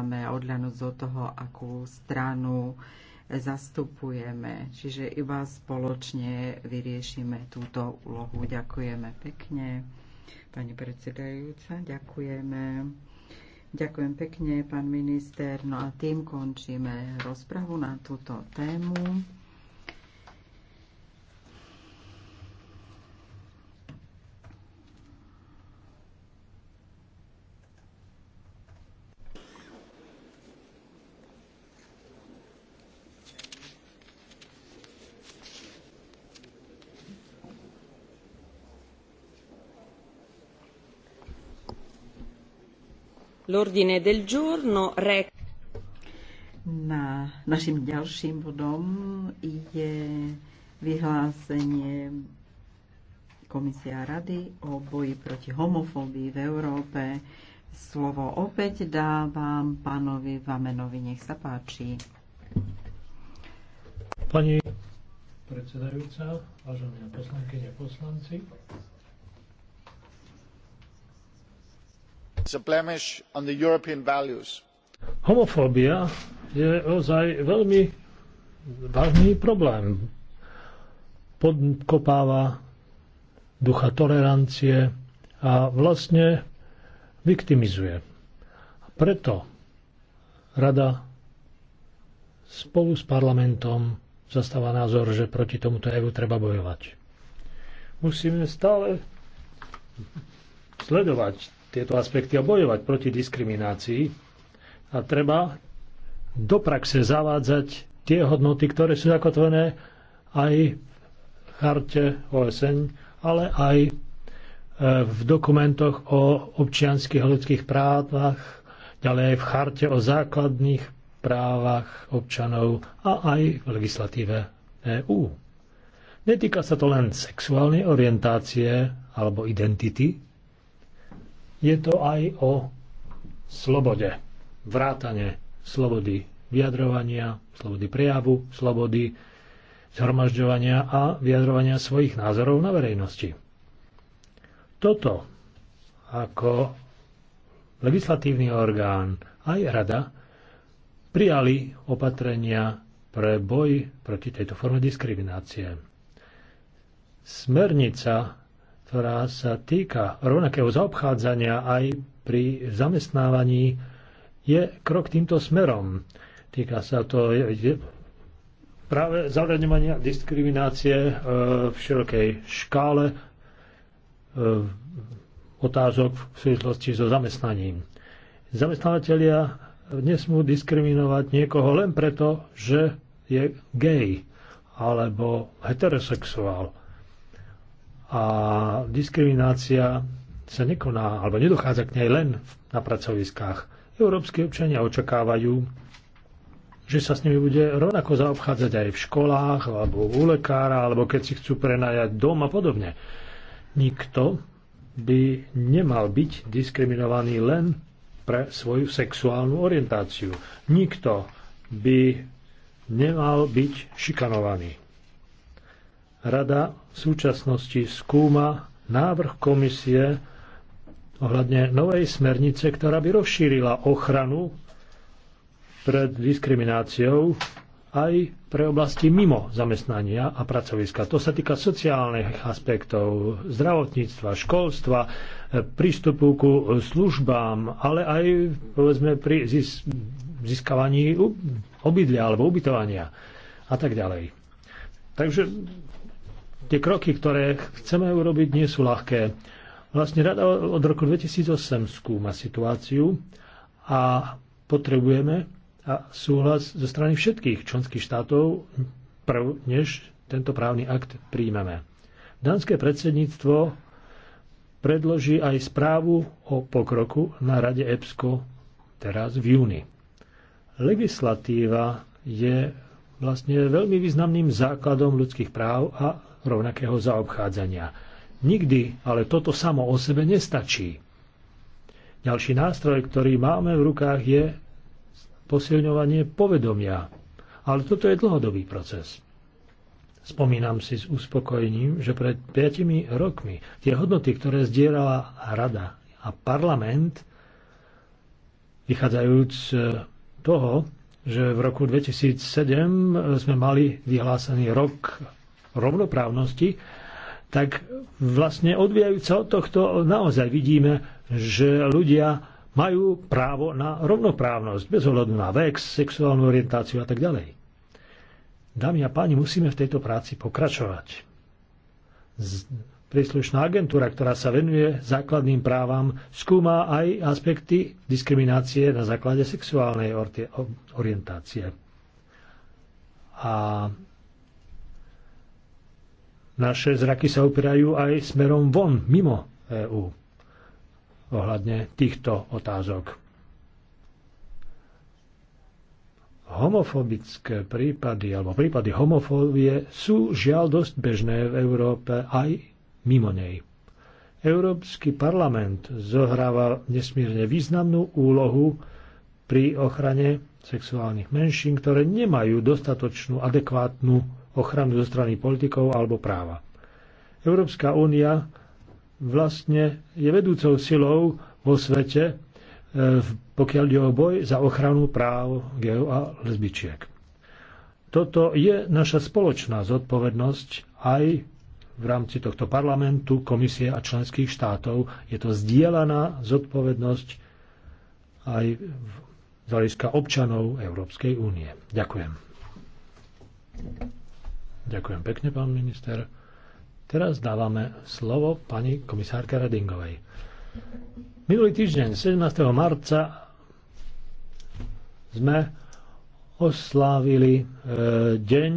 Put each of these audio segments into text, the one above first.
máme odľanúť od toho, akú stranu zastupujeme. Čiže iba spoločne vyriešime túto úlohu. Ďakujeme pekne. Pani predsedajúca, ďakujeme. Ďakujem pekne, pán minister. No a tým končíme rozpravu na túto tému. L'ordine del giorno rec... Na, našim ďalším bodom je vyhlásenie Komisia Rady o boji proti homofóbii v Európe. Slovo opäť dávam pánovi Vamenovi, nech sa páči. Pani predsedajúca, vážené poslankyne poslanci, Homofóbia je ozaj veľmi vážny problém. Podkopáva ducha tolerancie a vlastne viktimizuje. Preto rada spolu s parlamentom zastáva názor, že proti tomuto EU treba bojovať. Musíme stále sledovať tieto aspekty a bojovať proti diskriminácii a treba do praxe zavádzať tie hodnoty, ktoré sú zakotvené aj v charte OSN, ale aj e, v dokumentoch o občianských a ľudských právach, ďalej aj v charte o základných právach občanov a aj v legislatíve EÚ. Netýka sa to len sexuálnej orientácie alebo identity, je to aj o slobode. Vrátane slobody vyjadrovania, slobody prejavu, slobody zhromažďovania a vyjadrovania svojich názorov na verejnosti. Toto ako legislatívny orgán aj rada prijali opatrenia pre boj proti tejto forme diskriminácie. Smernica ktorá sa týka rovnakého zaobchádzania aj pri zamestnávaní, je krok týmto smerom. Týka sa to práve zaraňovania diskriminácie e, v širokej škále e, otázok v súvislosti so zamestnaním. Zamestnávateľia nesmú diskriminovať niekoho len preto, že je gej alebo heterosexuál a diskriminácia sa nekoná, alebo nedochádza k nej len na pracoviskách. Európsky občania očakávajú, že sa s nimi bude rovnako zaobchádzať aj v školách, alebo u lekára, alebo keď si chcú prenajať dom a podobne. Nikto by nemal byť diskriminovaný len pre svoju sexuálnu orientáciu. Nikto by nemal byť šikanovaný. Rada v súčasnosti skúma návrh komisie ohľadne novej smernice, ktorá by rozšírila ochranu pred diskrimináciou aj pre oblasti mimo zamestnania a pracoviska. To sa týka sociálnych aspektov, zdravotníctva, školstva, prístupu ku službám, ale aj povedzme pri získavaní obydlia alebo ubytovania a tak ďalej. Takže tie kroky, ktoré chceme urobiť, nie sú ľahké. Vlastne rada od roku 2008 skúma situáciu a potrebujeme a súhlas zo strany všetkých členských štátov, prv, než tento právny akt príjmeme. Dánske predsedníctvo predloží aj správu o pokroku na Rade EPSCO teraz v júni. Legislatíva je vlastne veľmi významným základom ľudských práv a rovnakého zaobchádzania. Nikdy ale toto samo o sebe nestačí. Ďalší nástroj, ktorý máme v rukách, je posilňovanie povedomia. Ale toto je dlhodobý proces. Spomínam si s uspokojením, že pred 5 rokmi tie hodnoty, ktoré zdierala Rada a parlament, vychádzajúc toho, že v roku 2007 sme mali vyhlásený rok rovnoprávnosti, tak vlastne odvíjajúca od tohto naozaj vidíme, že ľudia majú právo na rovnoprávnosť, bez ohľadu na vek, sexuálnu orientáciu a tak ďalej. Dámy a páni, musíme v tejto práci pokračovať. Z príslušná agentúra, ktorá sa venuje základným právam, skúma aj aspekty diskriminácie na základe sexuálnej orientácie. A naše zraky sa upierajú aj smerom von, mimo EÚ, ohľadne týchto otázok. Homofobické prípady alebo prípady homofóbie sú žiaľ dosť bežné v Európe aj mimo nej. Európsky parlament zohráva nesmierne významnú úlohu pri ochrane sexuálnych menšín, ktoré nemajú dostatočnú adekvátnu ochranu zo strany politikov alebo práva. Európska únia vlastne je vedúcou silou vo svete, e, pokiaľ ide o boj za ochranu práv geo a lesbičiek. Toto je naša spoločná zodpovednosť aj v rámci tohto parlamentu, komisie a členských štátov. Je to zdieľaná zodpovednosť aj z hľadiska občanov Európskej únie. Ďakujem. Ďakujem pekne, pán minister. Teraz dávame slovo pani komisárke Redingovej. Minulý týždeň, 17. marca, sme oslávili e, deň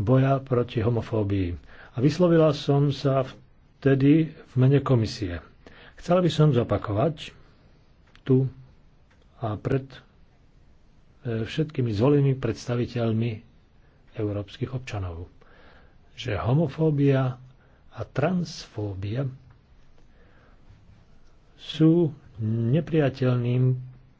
boja proti homofóbii. A vyslovila som sa vtedy v mene komisie. Chcela by som zopakovať tu a pred e, všetkými zvolenými predstaviteľmi európskych občanov. Že homofóbia a transfóbia sú nepriateľným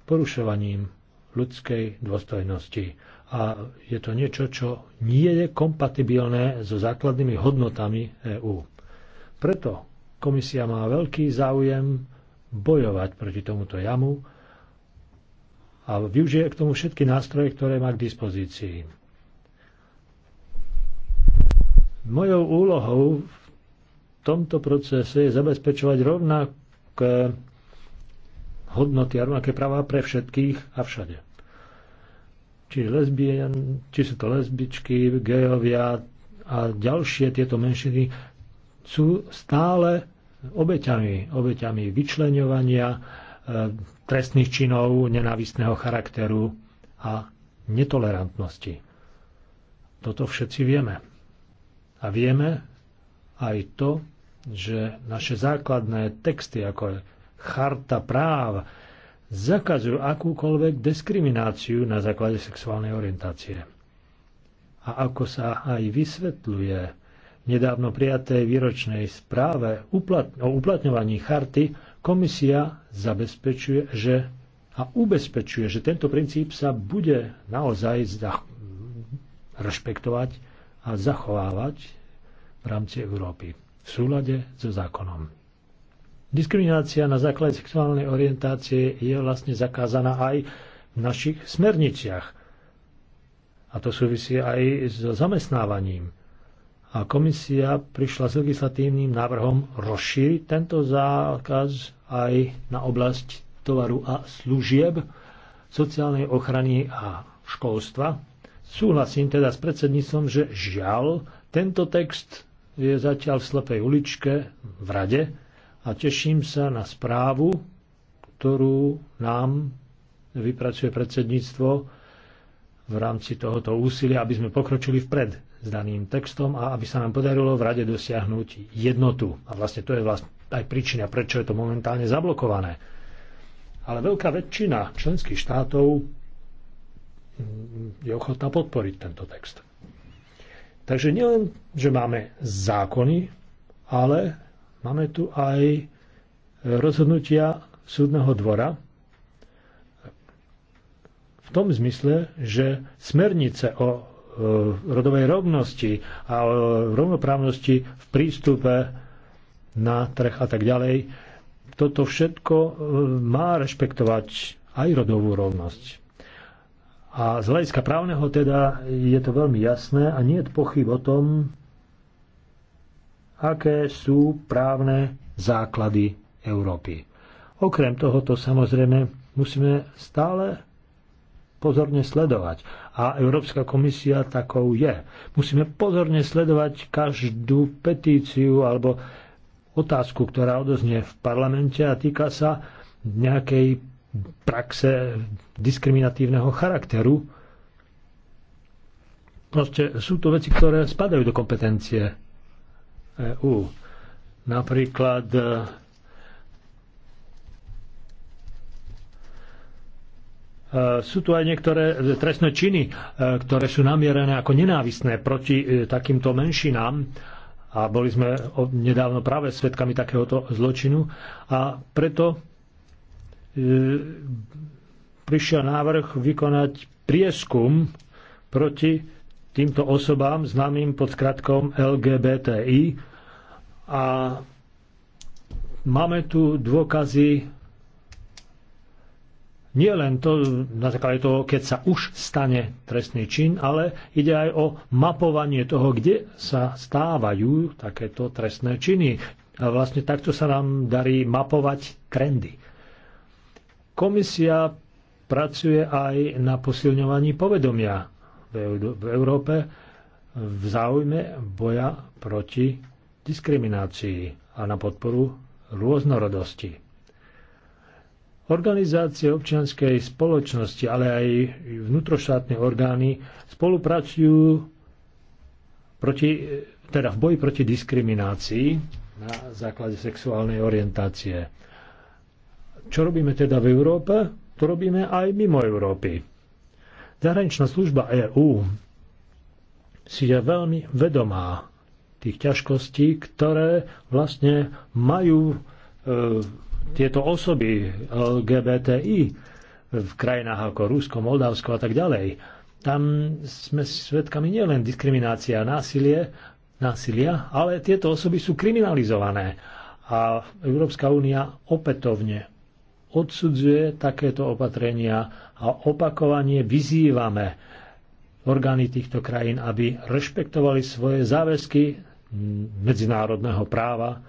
porušovaním ľudskej dôstojnosti. A je to niečo, čo nie je kompatibilné so základnými hodnotami EÚ. Preto komisia má veľký záujem bojovať proti tomuto jamu a využije k tomu všetky nástroje, ktoré má k dispozícii. Mojou úlohou v tomto procese je zabezpečovať rovnaké hodnoty a rovnaké práva pre všetkých a všade. Či, lesbien, či sú to lesbičky, gejovia a ďalšie tieto menšiny sú stále obeťami, obeťami vyčleňovania, e, trestných činov nenávistného charakteru a netolerantnosti. Toto všetci vieme. A vieme aj to, že naše základné texty, ako je charta práv, zakazujú akúkoľvek diskrimináciu na základe sexuálnej orientácie. A ako sa aj vysvetľuje v nedávno prijatej výročnej správe o uplatňovaní charty, komisia zabezpečuje, že a ubezpečuje, že tento princíp sa bude naozaj rešpektovať a zachovávať v rámci Európy v súlade so zákonom. Diskriminácia na základe sexuálnej orientácie je vlastne zakázaná aj v našich smerniciach. A to súvisí aj so zamestnávaním. A komisia prišla s legislatívnym návrhom rozšíriť tento zákaz aj na oblasť tovaru a služieb, sociálnej ochrany a školstva, Súhlasím teda s predsedníctvom, že žiaľ, tento text je zatiaľ v slepej uličke v rade a teším sa na správu, ktorú nám vypracuje predsedníctvo v rámci tohoto úsilia, aby sme pokročili vpred s daným textom a aby sa nám podarilo v rade dosiahnuť jednotu. A vlastne to je vlastne aj príčina, prečo je to momentálne zablokované. Ale veľká väčšina členských štátov je ochotná podporiť tento text. Takže nielen, že máme zákony, ale máme tu aj rozhodnutia súdneho dvora v tom zmysle, že smernice o e, rodovej rovnosti a o rovnoprávnosti v prístupe na trh a tak ďalej, toto všetko e, má rešpektovať aj rodovú rovnosť. A z hľadiska právneho teda je to veľmi jasné a nie je pochyb o tom, aké sú právne základy Európy. Okrem tohoto samozrejme musíme stále pozorne sledovať. A Európska komisia takou je. Musíme pozorne sledovať každú petíciu alebo otázku, ktorá odoznie v parlamente a týka sa nejakej praxe diskriminatívneho charakteru. Proste sú to veci, ktoré spadajú do kompetencie EU. Napríklad e, Sú tu aj niektoré trestné činy, e, ktoré sú namierené ako nenávisné proti e, takýmto menšinám a boli sme nedávno práve svedkami takéhoto zločinu a preto E, prišiel návrh vykonať prieskum proti týmto osobám známym pod skratkom LGBTI a máme tu dôkazy nie len to, na základe toho, keď sa už stane trestný čin, ale ide aj o mapovanie toho, kde sa stávajú takéto trestné činy. A vlastne takto sa nám darí mapovať trendy. Komisia pracuje aj na posilňovaní povedomia v Európe v záujme boja proti diskriminácii a na podporu rôznorodosti. Organizácie občianskej spoločnosti, ale aj vnútroštátne orgány spolupracujú proti, teda v boji proti diskriminácii na základe sexuálnej orientácie. Čo robíme teda v Európe? To robíme aj mimo Európy. Zahraničná služba EÚ si je veľmi vedomá tých ťažkostí, ktoré vlastne majú e, tieto osoby LGBTI v krajinách ako Rusko, Moldavsko a tak ďalej. Tam sme svedkami nielen diskriminácia a násilie, násilia, ale tieto osoby sú kriminalizované. A Európska únia opätovne odsudzuje takéto opatrenia a opakovane vyzývame orgány týchto krajín, aby rešpektovali svoje záväzky medzinárodného práva,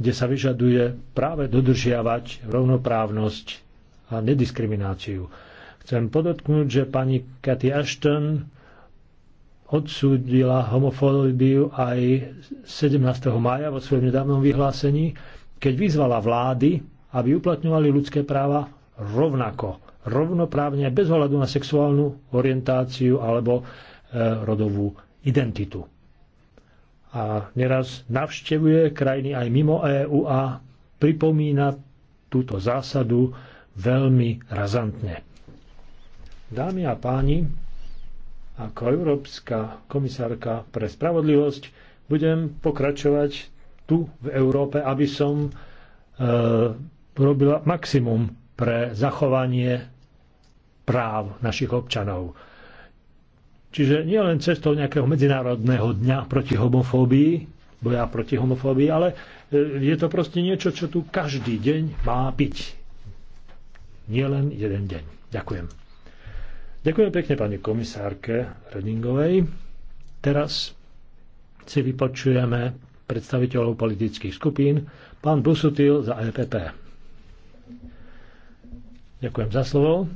kde sa vyžaduje práve dodržiavať rovnoprávnosť a nediskrimináciu. Chcem podotknúť, že pani Cathy Ashton odsúdila homofóbiu aj 17. maja vo svojom nedávnom vyhlásení, keď vyzvala vlády, aby uplatňovali ľudské práva rovnako, rovnoprávne, bez ohľadu na sexuálnu orientáciu alebo e, rodovú identitu. A neraz navštevuje krajiny aj mimo EÚ a pripomína túto zásadu veľmi razantne. Dámy a páni, ako Európska komisárka pre spravodlivosť budem pokračovať tu v Európe, aby som e, urobila maximum pre zachovanie práv našich občanov. Čiže nie len cestou nejakého medzinárodného dňa proti homofóbii, boja proti homofóbii, ale e, je to proste niečo, čo tu každý deň má byť. Nie len jeden deň. Ďakujem. Ďakujem pekne pani komisárke Redingovej. Teraz si vypočujeme predstaviteľov politických skupín. Pán Busutil za EPP. Ďakujem za slovo.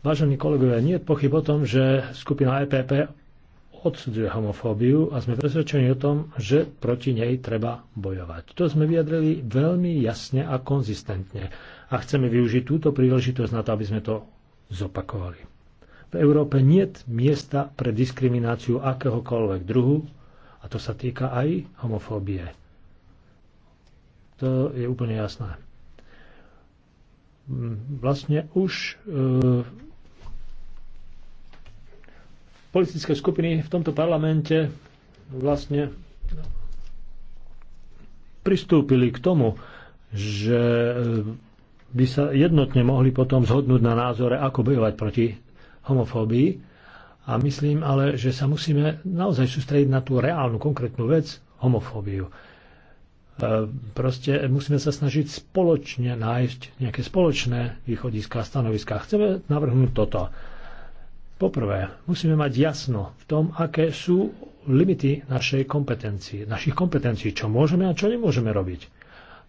Vážení kolegovia, nie je pochyb o tom, že skupina EPP odsudzuje homofóbiu a sme presvedčení o tom, že proti nej treba bojovať. To sme vyjadrili veľmi jasne a konzistentne a chceme využiť túto príležitosť na to, aby sme to zopakovali. V Európe nie je miesta pre diskrimináciu akéhokoľvek druhu a to sa týka aj homofóbie. To je úplne jasné vlastne už e, politické skupiny v tomto parlamente vlastne pristúpili k tomu, že e, by sa jednotne mohli potom zhodnúť na názore, ako bojovať proti homofóbii. A myslím ale, že sa musíme naozaj sústrediť na tú reálnu, konkrétnu vec, homofóbiu. E, proste musíme sa snažiť spoločne nájsť nejaké spoločné východiska a stanoviska. Chceme navrhnúť toto. Poprvé, musíme mať jasno v tom, aké sú limity našej kompetencii, našich kompetencií, čo môžeme a čo nemôžeme robiť.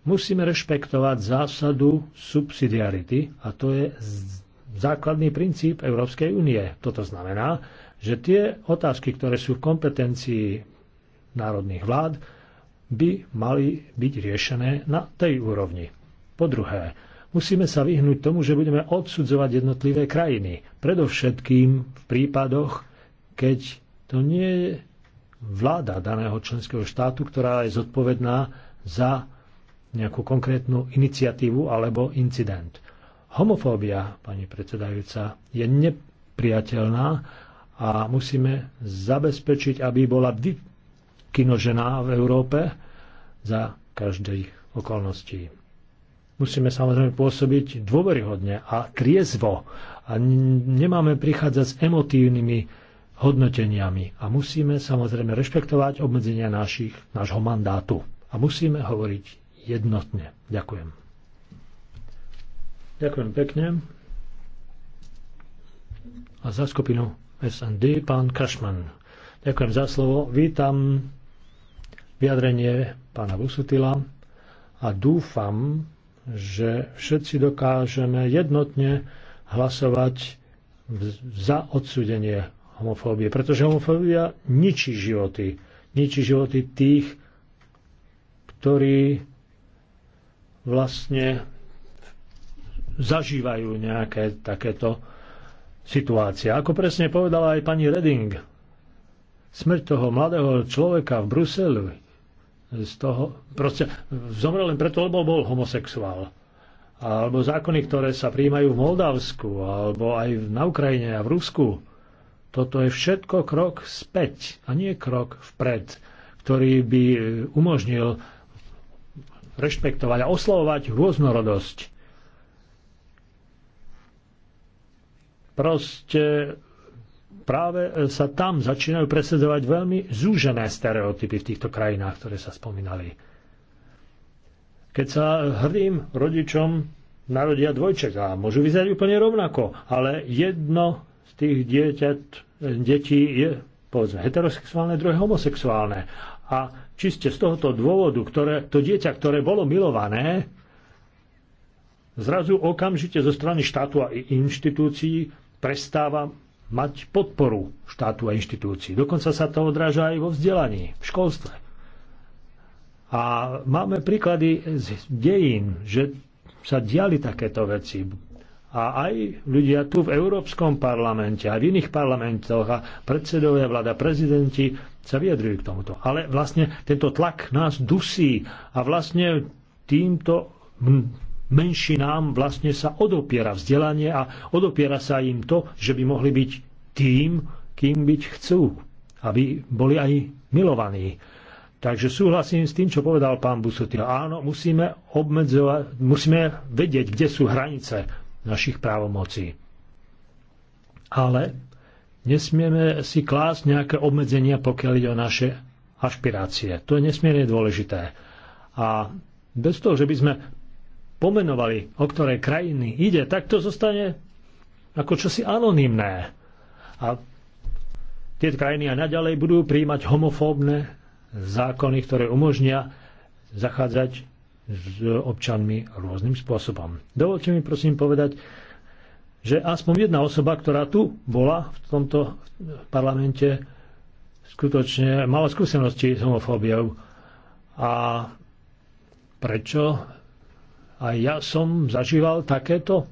Musíme rešpektovať zásadu subsidiarity a to je základný princíp Európskej únie. Toto znamená, že tie otázky, ktoré sú v kompetencii národných vlád, by mali byť riešené na tej úrovni. Po druhé, musíme sa vyhnúť tomu, že budeme odsudzovať jednotlivé krajiny. Predovšetkým v prípadoch, keď to nie je vláda daného členského štátu, ktorá je zodpovedná za nejakú konkrétnu iniciatívu alebo incident. Homofóbia, pani predsedajúca, je nepriateľná a musíme zabezpečiť, aby bola kinožená v Európe za každej okolností. Musíme samozrejme pôsobiť dôveryhodne a triezvo a nemáme prichádzať s emotívnymi hodnoteniami a musíme samozrejme rešpektovať obmedzenia našich, nášho mandátu a musíme hovoriť jednotne. Ďakujem. Ďakujem pekne. A za skupinu SND pán Kašman. Ďakujem za slovo. Vítam vyjadrenie pána Busutila a dúfam, že všetci dokážeme jednotne hlasovať za odsudenie homofóbie, pretože homofóbia ničí životy. Ničí životy tých, ktorí vlastne zažívajú nejaké takéto situácie. Ako presne povedala aj pani Reding, smrť toho mladého človeka v Bruseli z toho, proste zomrel len preto, lebo bol homosexuál. Alebo zákony, ktoré sa príjmajú v Moldavsku, alebo aj na Ukrajine a v Rusku. Toto je všetko krok späť a nie krok vpred, ktorý by e, umožnil rešpektovať a oslovovať rôznorodosť. Proste práve e, sa tam začínajú presedzovať veľmi zúžené stereotypy v týchto krajinách, ktoré sa spomínali. Keď sa hrdým rodičom narodia dvojček a môžu vyzerať úplne rovnako, ale jedno z tých dieťat, e, detí je povedzme heterosexuálne, druhé homosexuálne. A čiste z tohoto dôvodu, ktoré, to dieťa, ktoré bolo milované, zrazu okamžite zo strany štátu a inštitúcií prestáva mať podporu štátu a inštitúcií. Dokonca sa to odráža aj vo vzdelaní, v školstve. A máme príklady z dejín, že sa diali takéto veci. A aj ľudia tu v Európskom parlamente, aj v iných parlamentoch a predsedovia vláda, prezidenti sa vyjadrujú k tomuto. Ale vlastne tento tlak nás dusí a vlastne týmto menšinám vlastne sa odopiera vzdelanie a odopiera sa im to, že by mohli byť tým, kým byť chcú, aby boli aj milovaní. Takže súhlasím s tým, čo povedal pán Busutil. Áno, musíme obmedzovať, musíme vedieť, kde sú hranice našich právomocí. Ale nesmieme si klásť nejaké obmedzenia, pokiaľ ide o naše ašpirácie. To je nesmierne dôležité. A bez toho, že by sme pomenovali, o ktoré krajiny ide, tak to zostane ako čosi anonymné. A tie krajiny aj naďalej budú príjmať homofóbne zákony, ktoré umožnia zachádzať s občanmi rôznym spôsobom. Dovolte mi prosím povedať, že aspoň jedna osoba, ktorá tu bola v tomto parlamente, skutočne mala skúsenosti s homofóbiou. A prečo a ja som zažíval takéto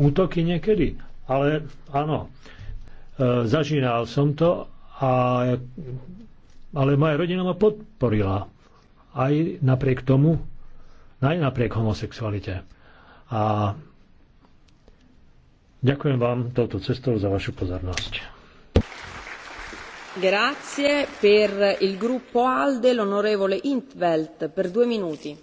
útoky niekedy. Ale áno, e, zažínal som to, a, ale moja rodina ma podporila. Aj napriek tomu, aj napriek homosexualite. A ďakujem vám touto cestou za vašu pozornosť. Grazie per il gruppo ALDE l'onorevole Intvelt per due minuti.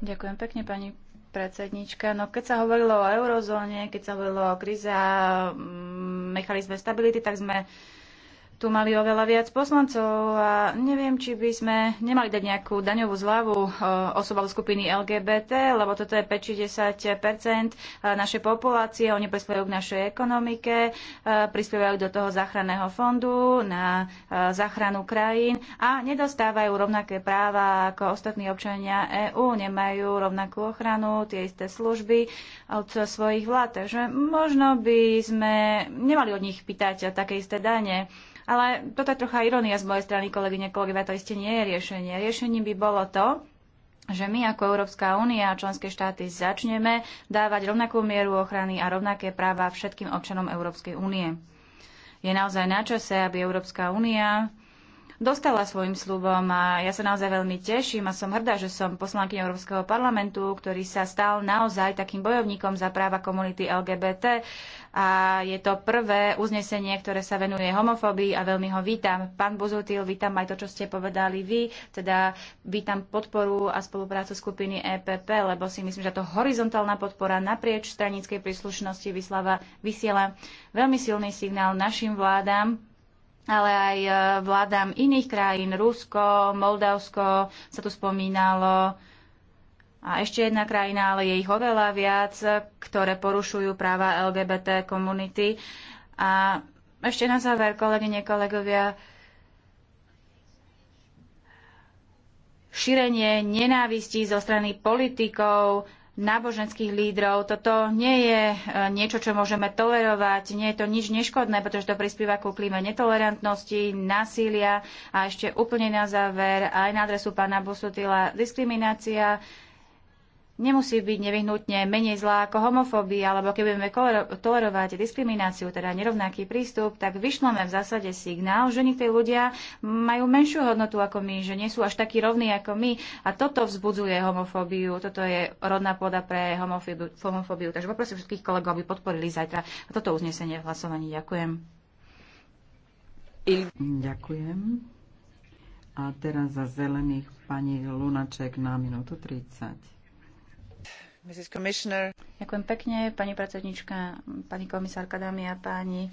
Ďakujem pekne, pani predsednička. No keď sa hovorilo o eurozóne, keď sa hovorilo o krize a mm, mechanizme stability, tak sme tu mali oveľa viac poslancov a neviem, či by sme nemali dať nejakú daňovú zľavu e, osobám skupiny LGBT, lebo toto je 5-10 e, našej populácie, oni prispievajú k našej ekonomike, e, prispievajú do toho záchranného fondu na záchranu krajín a nedostávajú rovnaké práva ako ostatní občania EÚ, nemajú rovnakú ochranu, tie isté služby od svojich vlád. Takže možno by sme nemali od nich pýtať také isté dane. Ale toto je trocha ironia z mojej strany, kolegyne, kolegovia, to iste nie je riešenie. Riešením by bolo to, že my ako Európska únia a členské štáty začneme dávať rovnakú mieru ochrany a rovnaké práva všetkým občanom Európskej únie. Je naozaj na čase, aby Európska únia dostala svojim slubom a ja sa naozaj veľmi teším a som hrdá, že som poslankyňou Európskeho parlamentu, ktorý sa stal naozaj takým bojovníkom za práva komunity LGBT a je to prvé uznesenie, ktoré sa venuje homofóbii a veľmi ho vítam. Pán Buzutil, vítam aj to, čo ste povedali vy, teda vítam podporu a spoluprácu skupiny EPP, lebo si myslím, že to horizontálna podpora naprieč stranickej príslušnosti vyslava, vysiela veľmi silný signál našim vládám, ale aj eh, vládám iných krajín, Rusko, Moldavsko, sa tu spomínalo, a ešte jedna krajina, ale je ich oveľa viac, ktoré porušujú práva LGBT komunity. A ešte na záver, kolegyne, kolegovia, šírenie nenávistí zo strany politikov, náboženských lídrov. Toto nie je e, niečo, čo môžeme tolerovať, nie je to nič neškodné, pretože to prispieva ku klíme netolerantnosti, násilia a ešte úplne na záver aj na adresu pána Busutila diskriminácia nemusí byť nevyhnutne menej zlá ako homofóbia, alebo keď budeme tolerovať diskrimináciu, teda nerovnaký prístup, tak vyšlome v zásade signál, že niektorí ľudia majú menšiu hodnotu ako my, že nie sú až takí rovní ako my. A toto vzbudzuje homofóbiu, toto je rodná pôda pre homofóbiu. homofóbiu. Takže poprosím všetkých kolegov, aby podporili zajtra toto uznesenie v hlasovaní. Ďakujem. Ďakujem. A teraz za zelených pani Lunaček na minútu 30. Ďakujem pekne, pani predsednička, pani komisárka, dámy a páni.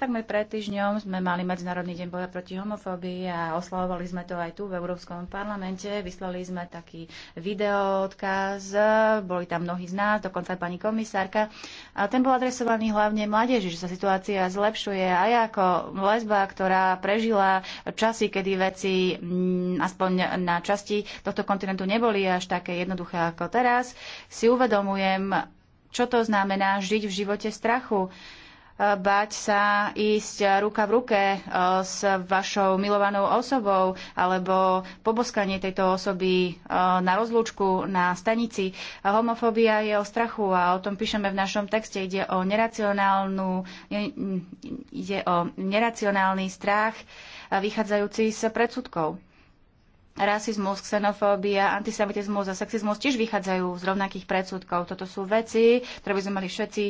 Takmer pred týždňom sme mali Medzinárodný deň boja proti homofóbii a oslavovali sme to aj tu v Európskom parlamente. Vyslali sme taký video odkaz, boli tam mnohí z nás, dokonca aj pani komisárka. A ten bol adresovaný hlavne mládeži, že sa situácia zlepšuje. A ja ako lesba, ktorá prežila časy, kedy veci m, mm, aspoň na časti tohto kontinentu neboli až také jednoduché ako teraz, si uvedomujem, čo to znamená žiť v živote strachu bať sa ísť ruka v ruke e, s vašou milovanou osobou alebo poboskanie tejto osoby e, na rozlúčku, na stanici. Homofóbia je o strachu a o tom píšeme v našom texte. Ide o, neracionálnu, ide o neracionálny strach e, vychádzajúci z predsudkov rasizmus, xenofóbia, antisemitizmus a sexizmus tiež vychádzajú z rovnakých predsudkov. Toto sú veci, ktoré by sme mali všetci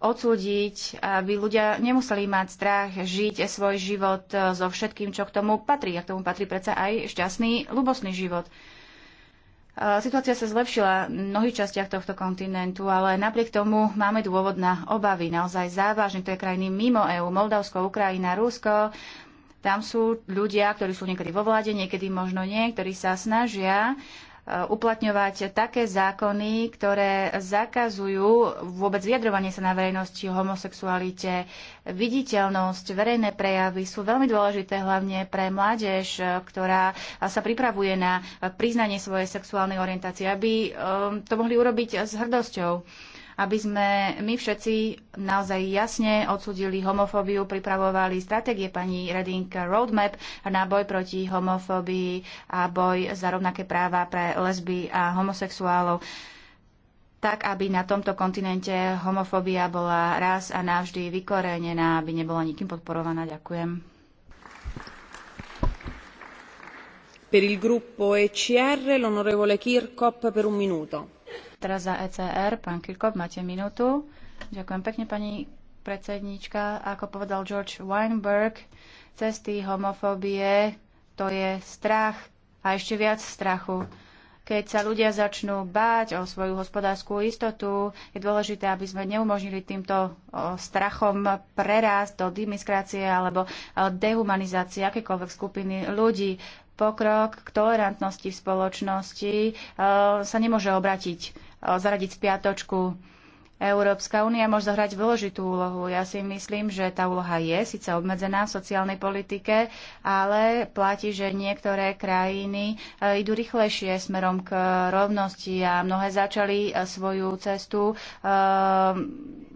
odsúdiť, aby ľudia nemuseli mať strach žiť svoj život eh, so všetkým, čo k tomu patrí. A k tomu patrí predsa aj šťastný, ľubosný život. Eh, situácia sa zlepšila v mnohých častiach tohto kontinentu, ale napriek tomu máme dôvod na obavy, naozaj závažne. To je krajiny mimo EÚ, Moldavsko, Ukrajina, Rusko. Tam sú ľudia, ktorí sú niekedy vo vláde, niekedy možno nie, ktorí sa snažia uh, Eh, uplatňovať také zákony, ktoré zakazujú vôbec vyjadrovanie sa na verejnosti o homosexualite. Viditeľnosť, verejné prejavy sú veľmi dôležité hlavne pre mládež, eh, ktorá sa pripravuje na priznanie svojej sexuálnej orientácie, aby eh, to mohli urobiť s hrdosťou aby sme my všetci naozaj jasne odsudili homofóbiu, pripravovali stratégie pani Redinka Roadmap na boj proti homofóbii a boj za rovnaké práva pre lesby a homosexuálov tak, aby na tomto kontinente homofóbia bola raz a navždy vykorenená, aby nebola nikým podporovaná. Ďakujem. Per il gruppo ECR l'onorevole Kirkop per un minuto Teraz za ECR, pán Kirkov, máte minútu. Ďakujem pekne, pani predsedníčka. Ako povedal George Weinberg, cesty homofóbie to je strach a ešte viac strachu. Keď sa ľudia začnú báť o svoju hospodárskú istotu, je dôležité, aby sme neumožnili týmto strachom prerast do dimiskracie alebo dehumanizácie akékoľvek skupiny ľudí. Pokrok k tolerantnosti v spoločnosti e, sa nemôže obratiť, e, zaradiť spiatočku. Európska únia môže zahrať dôležitú úlohu. Ja si myslím, že tá úloha je síce obmedzená v sociálnej politike, ale platí, že niektoré krajiny e, idú rýchlejšie smerom k rovnosti a mnohé začali svoju cestu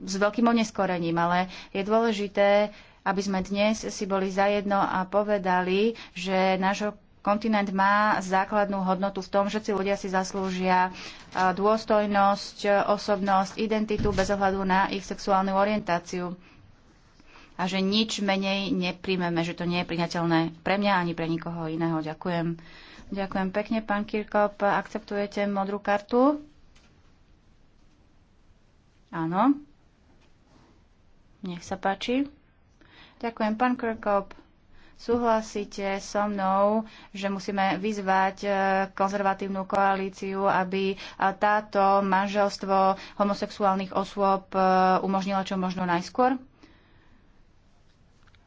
s veľkým oneskorením, ale je dôležité aby sme dnes si boli zajedno a povedali, že nášho kontinent má základnú hodnotu v tom, že si ľudia si zaslúžia e, dôstojnosť, e, osobnosť, identitu bez ohľadu na ich sexuálnu orientáciu a že nič menej nepríjmeme, že to nie je priateľné pre mňa ani pre nikoho iného. Ďakujem. Ďakujem pekne, pán Kirkop. Akceptujete modrú kartu? Áno. Nech sa páči. Ďakujem, pán Kirkop. Súhlasíte so mnou, že musíme vyzvať e, konzervatívnu koalíciu, aby e, táto manželstvo homosexuálnych osôb e, umožnila čo možno najskôr?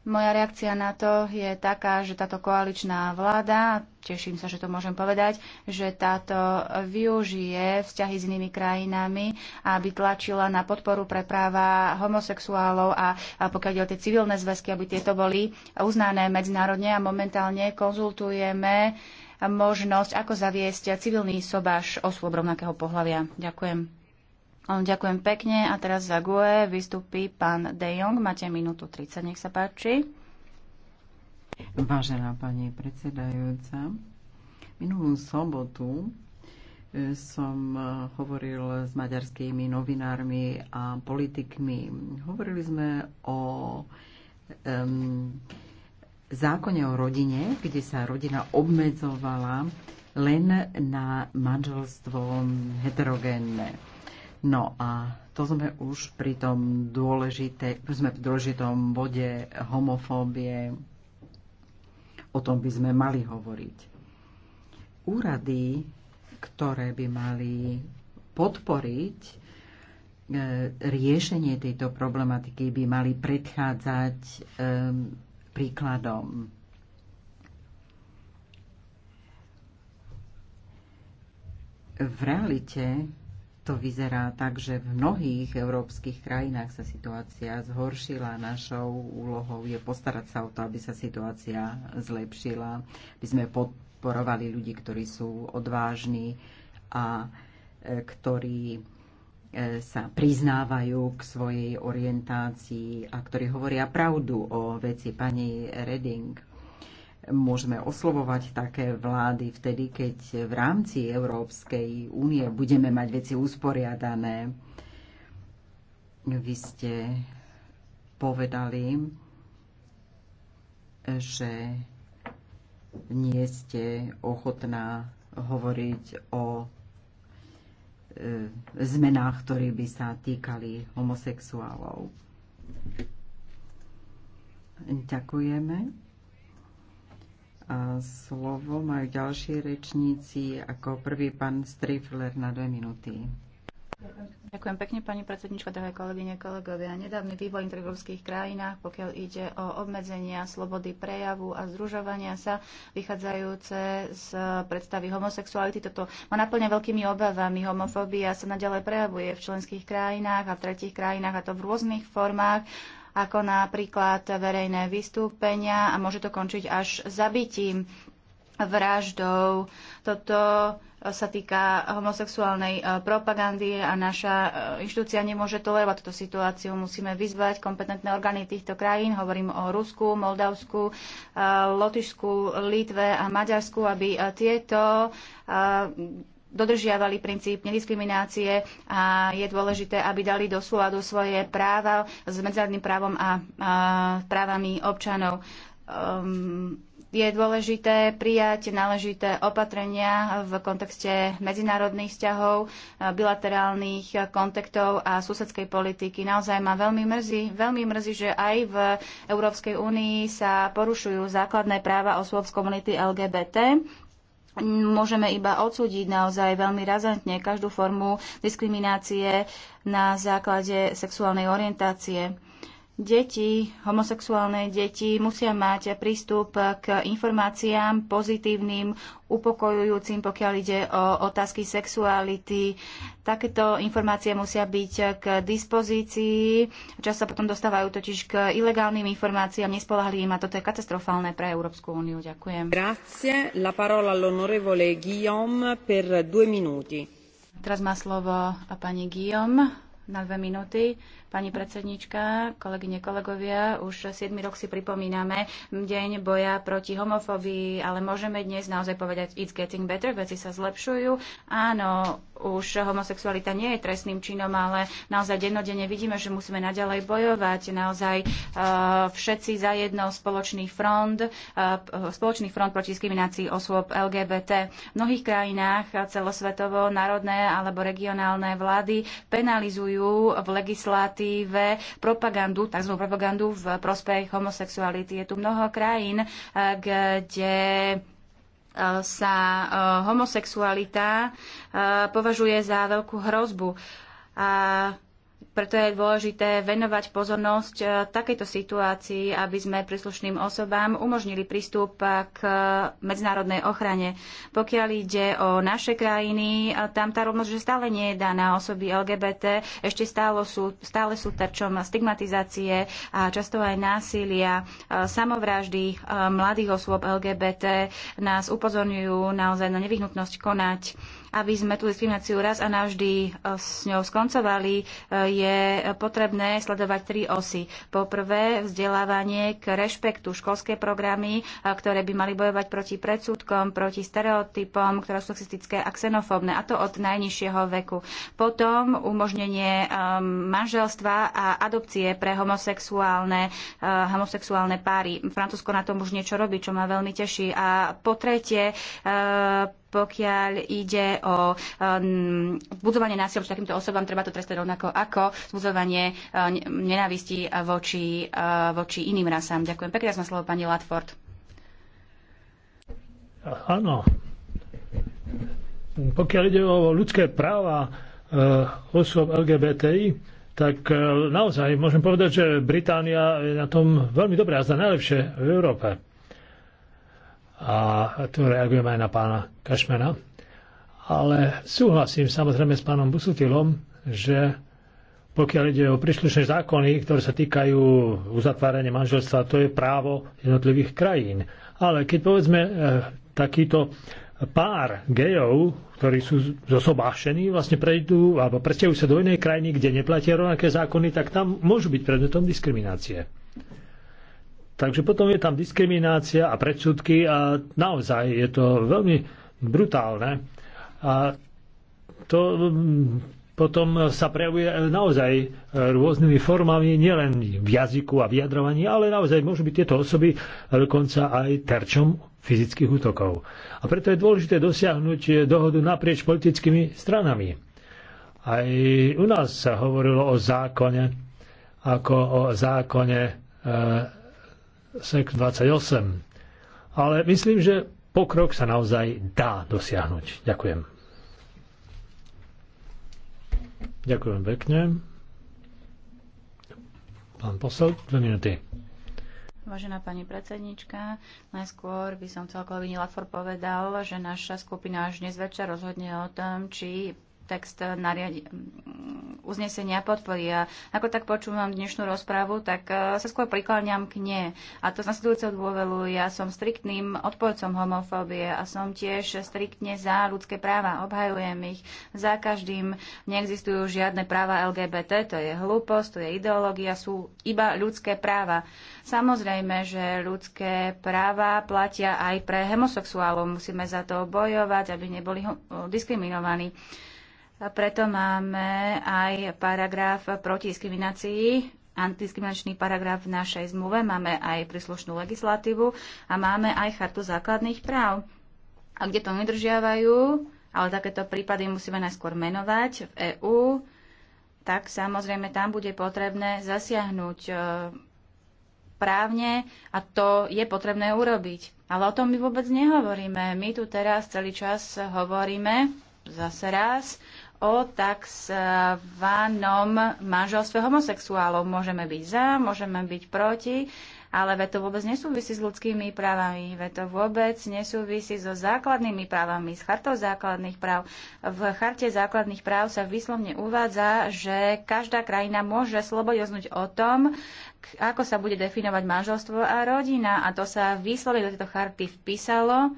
Moja reakcia na to je taká, že táto koaličná vláda, teším sa, že to môžem povedať, že táto využije vzťahy s inými krajinami, aby tlačila na podporu pre práva homosexuálov a, a pokiaľ ide o tie civilné zväzky, aby tieto boli uznané medzinárodne a momentálne konzultujeme možnosť, ako zaviesť civilný sobáš osôb rovnakého pohľavia. Ďakujem. Ďakujem pekne a teraz za GUE vystúpi pán De Jong. Máte minútu 30, nech sa páči. Vážená pani predsedajúca, minulú sobotu e, som e, hovoril s maďarskými novinármi a politikmi. Hovorili sme o um, zákone o rodine, kde sa rodina obmedzovala len na manželstvo heterogénne. No a to sme už pri tom dôležité, sme v dôležitom bode homofóbie. O tom by sme mali hovoriť. Úrady, ktoré by mali podporiť e, riešenie tejto problematiky, by mali predchádzať e, príkladom. V realite to vyzerá tak, že v mnohých európskych krajinách sa situácia zhoršila. Našou úlohou je postarať sa o to, aby sa situácia zlepšila, aby sme podporovali ľudí, ktorí sú odvážni a e, ktorí e, sa priznávajú k svojej orientácii a ktorí hovoria pravdu o veci pani Reding môžeme oslovovať také vlády vtedy, keď v rámci Európskej únie budeme mať veci usporiadané. Vy ste povedali, že nie ste ochotná hovoriť o e, zmenách, ktoré by sa týkali homosexuálov. Ďakujeme. A slovo majú ďalší rečníci, ako prvý pán Strifler na dve minúty. Ďakujem pekne, pani predsednička, drahé kolegyne, kolegovia. Nedávny vývoj v európskych krajinách, pokiaľ ide o obmedzenia slobody prejavu a združovania sa, vychádzajúce z predstavy homosexuality, toto ma naplňa veľkými obavami. Homofóbia sa naďalej prejavuje v členských krajinách a v tretich krajinách, a to v rôznych formách ako napríklad verejné vystúpenia a môže to končiť až zabitím, vraždou. Toto sa týka homosexuálnej e, propagandy a naša e, inštitúcia nemôže tolerovať túto situáciu. Musíme vyzvať kompetentné orgány týchto krajín, hovorím o Rusku, Moldavsku, e, Lotyšsku, Litve a Maďarsku, aby tieto dodržiavali princíp nediskriminácie a je dôležité, aby dali do súladu svoje práva s medzinárodným právom a, a právami občanov. Um, je dôležité prijať náležité opatrenia v kontexte medzinárodných vzťahov, bilaterálnych kontaktov a susedskej politiky. Naozaj ma veľmi mrzí, veľmi mrzí, že aj v Európskej únii sa porušujú základné práva osôb z komunity LGBT môžeme iba odsúdiť naozaj veľmi razantne každú formu diskriminácie na základe sexuálnej orientácie deti, homosexuálne deti musia mať prístup k informáciám pozitívnym, upokojujúcim, pokiaľ ide o otázky sexuality. Takéto informácie musia byť k dispozícii. Čas sa potom dostávajú totiž k ilegálnym informáciám, nespolahlivým a toto je katastrofálne pre Európsku úniu. Ďakujem. Grazie. La parola all'onorevole Guillaume per due minuti. Teraz má slovo pani Guillaume na dve minúty. Pani predsednička, kolegyne, kolegovia, už 7 rok si pripomíname deň boja proti homofóbii, ale môžeme dnes naozaj povedať, it's getting better, veci sa zlepšujú. Áno, už homosexualita nie je trestným činom, ale naozaj dennodenne vidíme, že musíme naďalej bojovať. Naozaj eh, všetci za jedno spoločný front, eh, spoločný front proti diskriminácii osôb LGBT. V mnohých krajinách celosvetovo národné alebo regionálne vlády penalizujú v legislácii legislatíve propagandu, tzv. propagandu v prospech homosexuality. Je tu mnoho krajín, eh, kde eh, sa eh, homosexualita považuje za veľkú hrozbu. A preto je dôležité venovať pozornosť e, takejto situácii, aby sme príslušným osobám umožnili prístup e, k medzinárodnej ochrane. Pokiaľ ide o naše krajiny, e, tam tá rovnosť že stále nie je daná. Osoby LGBT ešte stále sú, stále sú terčom stigmatizácie a často aj násilia. Samovraždy mladých osôb LGBT nás upozorňujú naozaj na nevyhnutnosť konať. Aby sme tú diskrimináciu raz a navždy s ňou skoncovali, je je potrebné sledovať tri osy. Po prvé, vzdelávanie k rešpektu školské programy, e, ktoré by mali bojovať proti predsudkom, proti stereotypom, ktoré sú sexistické a xenofóbne, a to od najnižšieho veku. Potom umožnenie manželstva a adopcie pre homosexuálne, e, homosexuálne páry. Francúzsko na tom už niečo robí, čo ma veľmi teší. A po tretie, e, pokiaľ ide o um, budovanie násilia voči takýmto osobám, treba to trestať rovnako ako zbudzovanie uh, nenávisti voči, uh, voči iným rasám. Ďakujem pekne, som slovo pani Latford. Áno. Pokiaľ ide o ľudské práva uh, osôb LGBTI, tak uh, naozaj môžem povedať, že Británia je na tom veľmi dobrá a za najlepšie v Európe a tu reagujem aj na pána Kašmena. Ale súhlasím samozrejme s pánom Busutilom, že pokiaľ ide o príslušné zákony, ktoré sa týkajú uzatvárania manželstva, to je právo jednotlivých krajín. Ale keď povedzme e, takýto pár gejov, ktorí sú zosobášení, vlastne prejdú alebo presťahujú sa do inej krajiny, kde neplatia rovnaké zákony, tak tam môžu byť predmetom diskriminácie. Takže potom je tam diskriminácia a predsudky a naozaj je to veľmi brutálne. A to mm, potom sa prejavuje naozaj rôznymi formami, nielen v jazyku a vyjadrovaní, ale naozaj môžu byť tieto osoby dokonca aj terčom fyzických útokov. A preto je dôležité dosiahnuť dohodu naprieč politickými stranami. Aj u nás sa hovorilo o zákone ako o zákone e, SEC 28. Ale myslím, že pokrok sa naozaj dá dosiahnuť. Ďakujem. Ďakujem pekne. Pán posel, dve minúty. Vážená pani predsednička, najskôr by som celkovo for povedal, že naša skupina až dnes večer rozhodne o tom, či text eh, nariadi- mm, uznesenia podporí. A ako tak počúvam dnešnú rozprávu, tak eh, sa skôr prikláňam k nie. A to z nasledujúceho dôvelu. Ja som striktným odporcom homofóbie a som tiež striktne za ľudské práva. Obhajujem ich za každým. Neexistujú žiadne práva LGBT, to je hlúposť, to je ideológia, sú iba ľudské práva. Samozrejme, že ľudské práva platia aj pre homosexuálov. Musíme za to bojovať, aby neboli diskriminovaní preto máme aj paragraf proti diskriminácii antidiskriminačný paragraf v našej zmluve, máme aj príslušnú legislatívu a máme aj chartu základných práv. A kde to nedržiavajú, ale takéto prípady musíme najskôr menovať v EÚ, tak samozrejme tam bude potrebné zasiahnuť e, právne a to je potrebné urobiť. Ale o tom my vôbec nehovoríme. My tu teraz celý čas hovoríme, zase raz, o takzvanom manželstve homosexuálov. Môžeme byť za, môžeme byť proti, ale veď to vôbec nesúvisí s ľudskými právami, veď to vôbec nesúvisí so základnými právami, s chartou základných práv. V charte základných práv sa výslovne uvádza, že každá krajina môže slobodne o tom, ako sa bude definovať manželstvo a rodina. A to sa výslovne do tejto charty vpísalo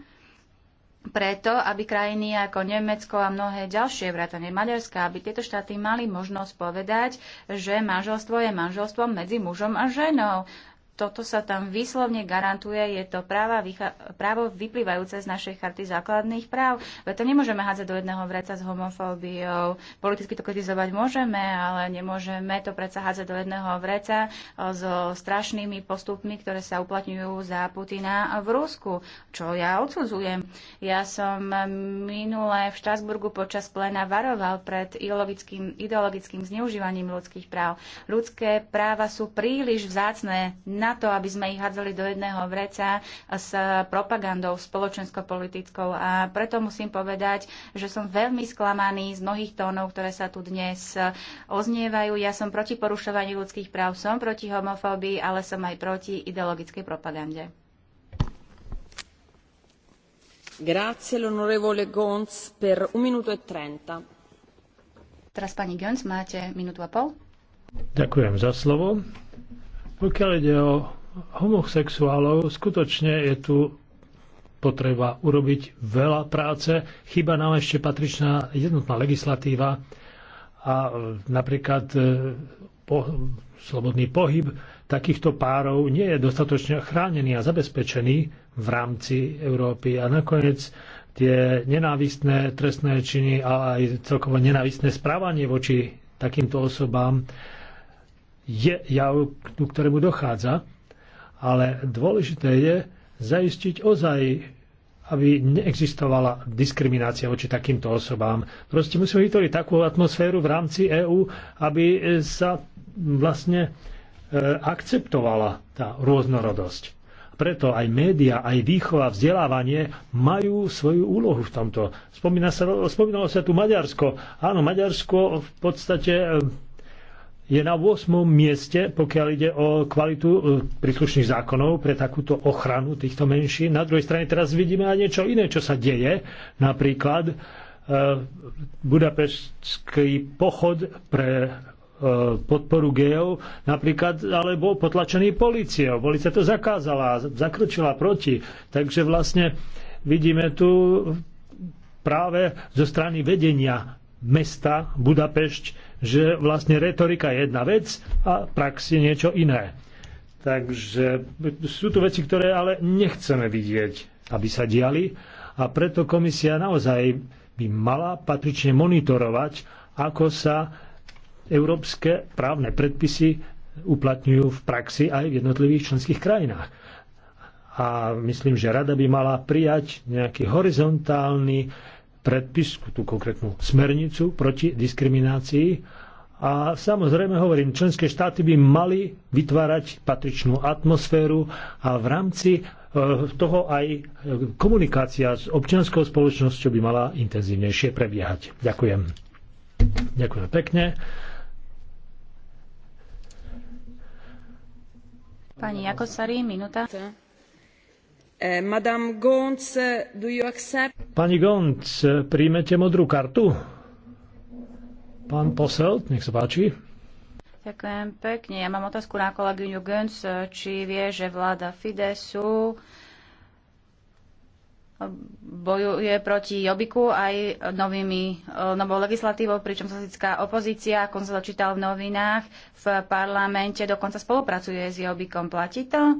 preto, aby krajiny ako Nemecko a mnohé ďalšie, vrátane Maďarska, aby tieto štáty mali možnosť povedať, že manželstvo je manželstvom medzi mužom a ženou toto sa tam výslovne garantuje, je to práva, právo vyplývajúce z našej charty základných práv. Veď to nemôžeme hádzať do jedného vreca s homofóbiou. Politicky to kritizovať môžeme, ale nemôžeme to predsa hádzať do jedného vreca e, so strašnými postupmi, ktoré sa uplatňujú za Putina v Rusku, čo ja odsudzujem. Ja som minule v Štrasburgu počas plena varoval pred ideologickým, ideologickým zneužívaním ľudských práv. Ľudské práva sú príliš vzácne na na to, aby sme ich hádzali do jedného vreca s propagandou spoločensko-politickou. A preto musím povedať, že som veľmi sklamaný z mnohých tónov, ktoré sa tu dnes oznievajú. Ja som proti porušovaniu ľudských práv, som proti homofóbii, ale som aj proti ideologickej propagande. Grazie, Gons, per e Teraz pani Gons, máte minútu a pol. Ďakujem za slovo. Pokiaľ ide o homosexuálov, skutočne je tu potreba urobiť veľa práce. Chyba nám ešte patričná jednotná legislatíva a e, napríklad e, po, slobodný pohyb takýchto párov nie je dostatočne chránený a zabezpečený v rámci Európy. A nakoniec tie nenávistné trestné činy, a aj celkovo nenávistné správanie voči takýmto osobám je jav, ku ktorému dochádza, ale dôležité je zaistiť ozaj, aby neexistovala diskriminácia voči takýmto osobám. Proste musíme vytvoriť takú atmosféru v rámci EÚ, aby sa vlastne e, akceptovala tá rôznorodosť. Preto aj média, aj výchova, vzdelávanie majú svoju úlohu v tomto. Spomína sa, spomínalo sa tu Maďarsko. Áno, Maďarsko v podstate e, je na 8. mieste, pokiaľ ide o kvalitu e, príslušných zákonov pre takúto ochranu týchto menší. Na druhej strane teraz vidíme aj niečo iné, čo sa deje. Napríklad e, budapeštský pochod pre e, podporu gejov napríklad, ale bol potlačený policiou. Polícia to zakázala, zakročila proti. Takže vlastne vidíme tu práve zo strany vedenia mesta Budapešť že vlastne retorika je jedna vec a prax je niečo iné. Takže sú tu veci, ktoré ale nechceme vidieť, aby sa diali a preto komisia naozaj by mala patrične monitorovať, ako sa európske právne predpisy uplatňujú v praxi aj v jednotlivých členských krajinách. A myslím, že rada by mala prijať nejaký horizontálny predpis, tú konkrétnu smernicu proti diskriminácii. A samozrejme hovorím, členské štáty by mali vytvárať patričnú atmosféru a v rámci e, toho aj e, komunikácia s občianskou spoločnosťou by mala intenzívnejšie prebiehať. Ďakujem. Ďakujem pekne. Pani Jakosari, minúta. Eh, Pani Gonc, príjmete modrú kartu? Pán posel, nech sa páči. Ďakujem pekne. Ja mám otázku na kolegyňu Gönc, či vie, že vláda Fidesu bojuje proti Jobiku aj novými, eh, novou legislatívou, pričom sa sická opozícia, ako som sa v novinách, v parlamente dokonca spolupracuje s Jobikom. Platí to?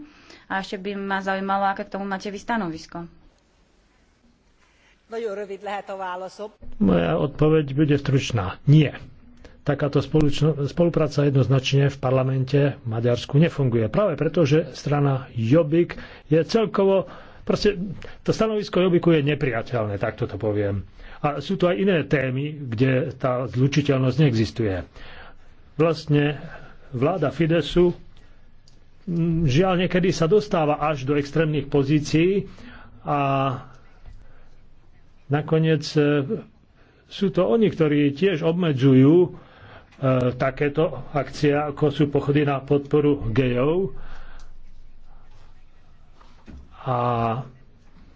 A ešte by ma zaujímalo, aké k tomu máte vy stanovisko. Moja odpoveď bude stručná. Nie. Takáto spolupráca jednoznačne v parlamente v Maďarsku nefunguje. Práve preto, že strana Jobbik je celkovo... Proste to stanovisko Jobiku je nepriateľné, takto to poviem. A sú tu aj iné témy, kde tá zlučiteľnosť neexistuje. Vlastne vláda Fidesu žiaľ niekedy sa dostáva až do extrémnych pozícií a nakoniec e, sú to oni, ktorí tiež obmedzujú e, takéto akcie, ako sú pochody na podporu gejov. A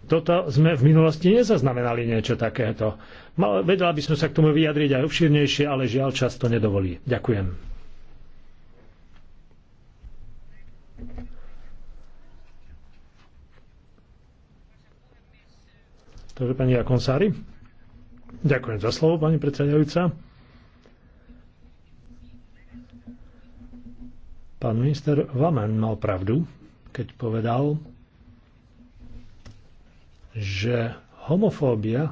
toto sme v minulosti nezaznamenali niečo takéto. Vedela by som sa k tomu vyjadriť aj obširnejšie, ale žiaľ často nedovolí. Ďakujem. Takže pani Jakonsári. Ďakujem za slovo, pani predsedajúca. Pán minister Vamen mal pravdu, keď povedal, že homofóbia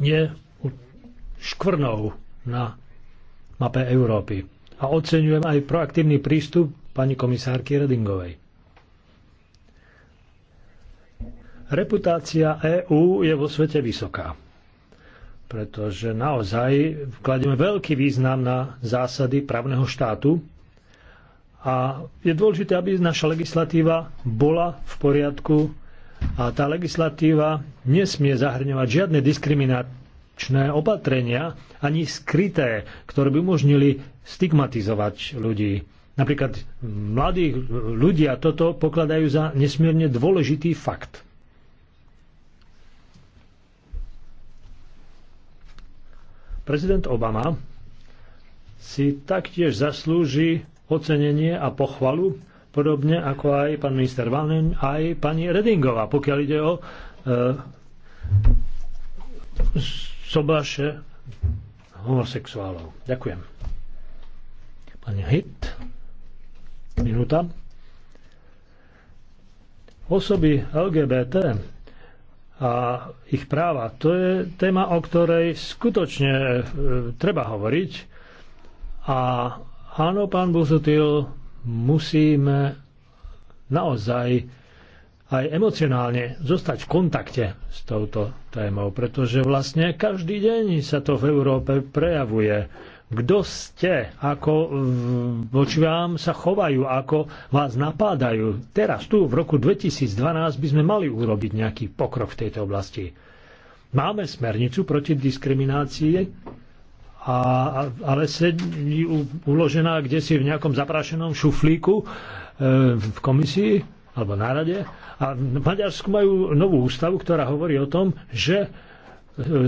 je škvrnou na mape Európy. A oceňujem aj proaktívny prístup pani komisárky Redingovej. Reputácia EÚ je vo svete vysoká, pretože naozaj vkladíme veľký význam na zásady právneho štátu a je dôležité, aby naša legislatíva bola v poriadku a tá legislatíva nesmie zahrňovať žiadne diskriminačné opatrenia ani skryté, ktoré by umožnili stigmatizovať ľudí. Napríklad mladých ľudia toto pokladajú za nesmierne dôležitý fakt. Prezident Obama si taktiež zaslúži ocenenie a pochvalu, podobne ako aj pán minister Valen, aj pani Redingová, pokiaľ ide o e, sobaše homosexuálov. Ďakujem. Pani Hit, minúta. Osoby LGBT a ich práva. To je téma, o ktorej skutočne e, treba hovoriť. A áno, pán Buzutil, musíme naozaj aj emocionálne zostať v kontakte s touto témou, pretože vlastne každý deň sa to v Európe prejavuje kto ste, ako voči vám sa chovajú, ako vás napádajú. Teraz tu v roku 2012 by sme mali urobiť nejaký pokrok v tejto oblasti. Máme smernicu proti diskriminácii, a, ale sedí uložená kde si v nejakom zaprašenom šuflíku e, v komisii alebo na rade. A v Maďarsku majú novú ústavu, ktorá hovorí o tom, že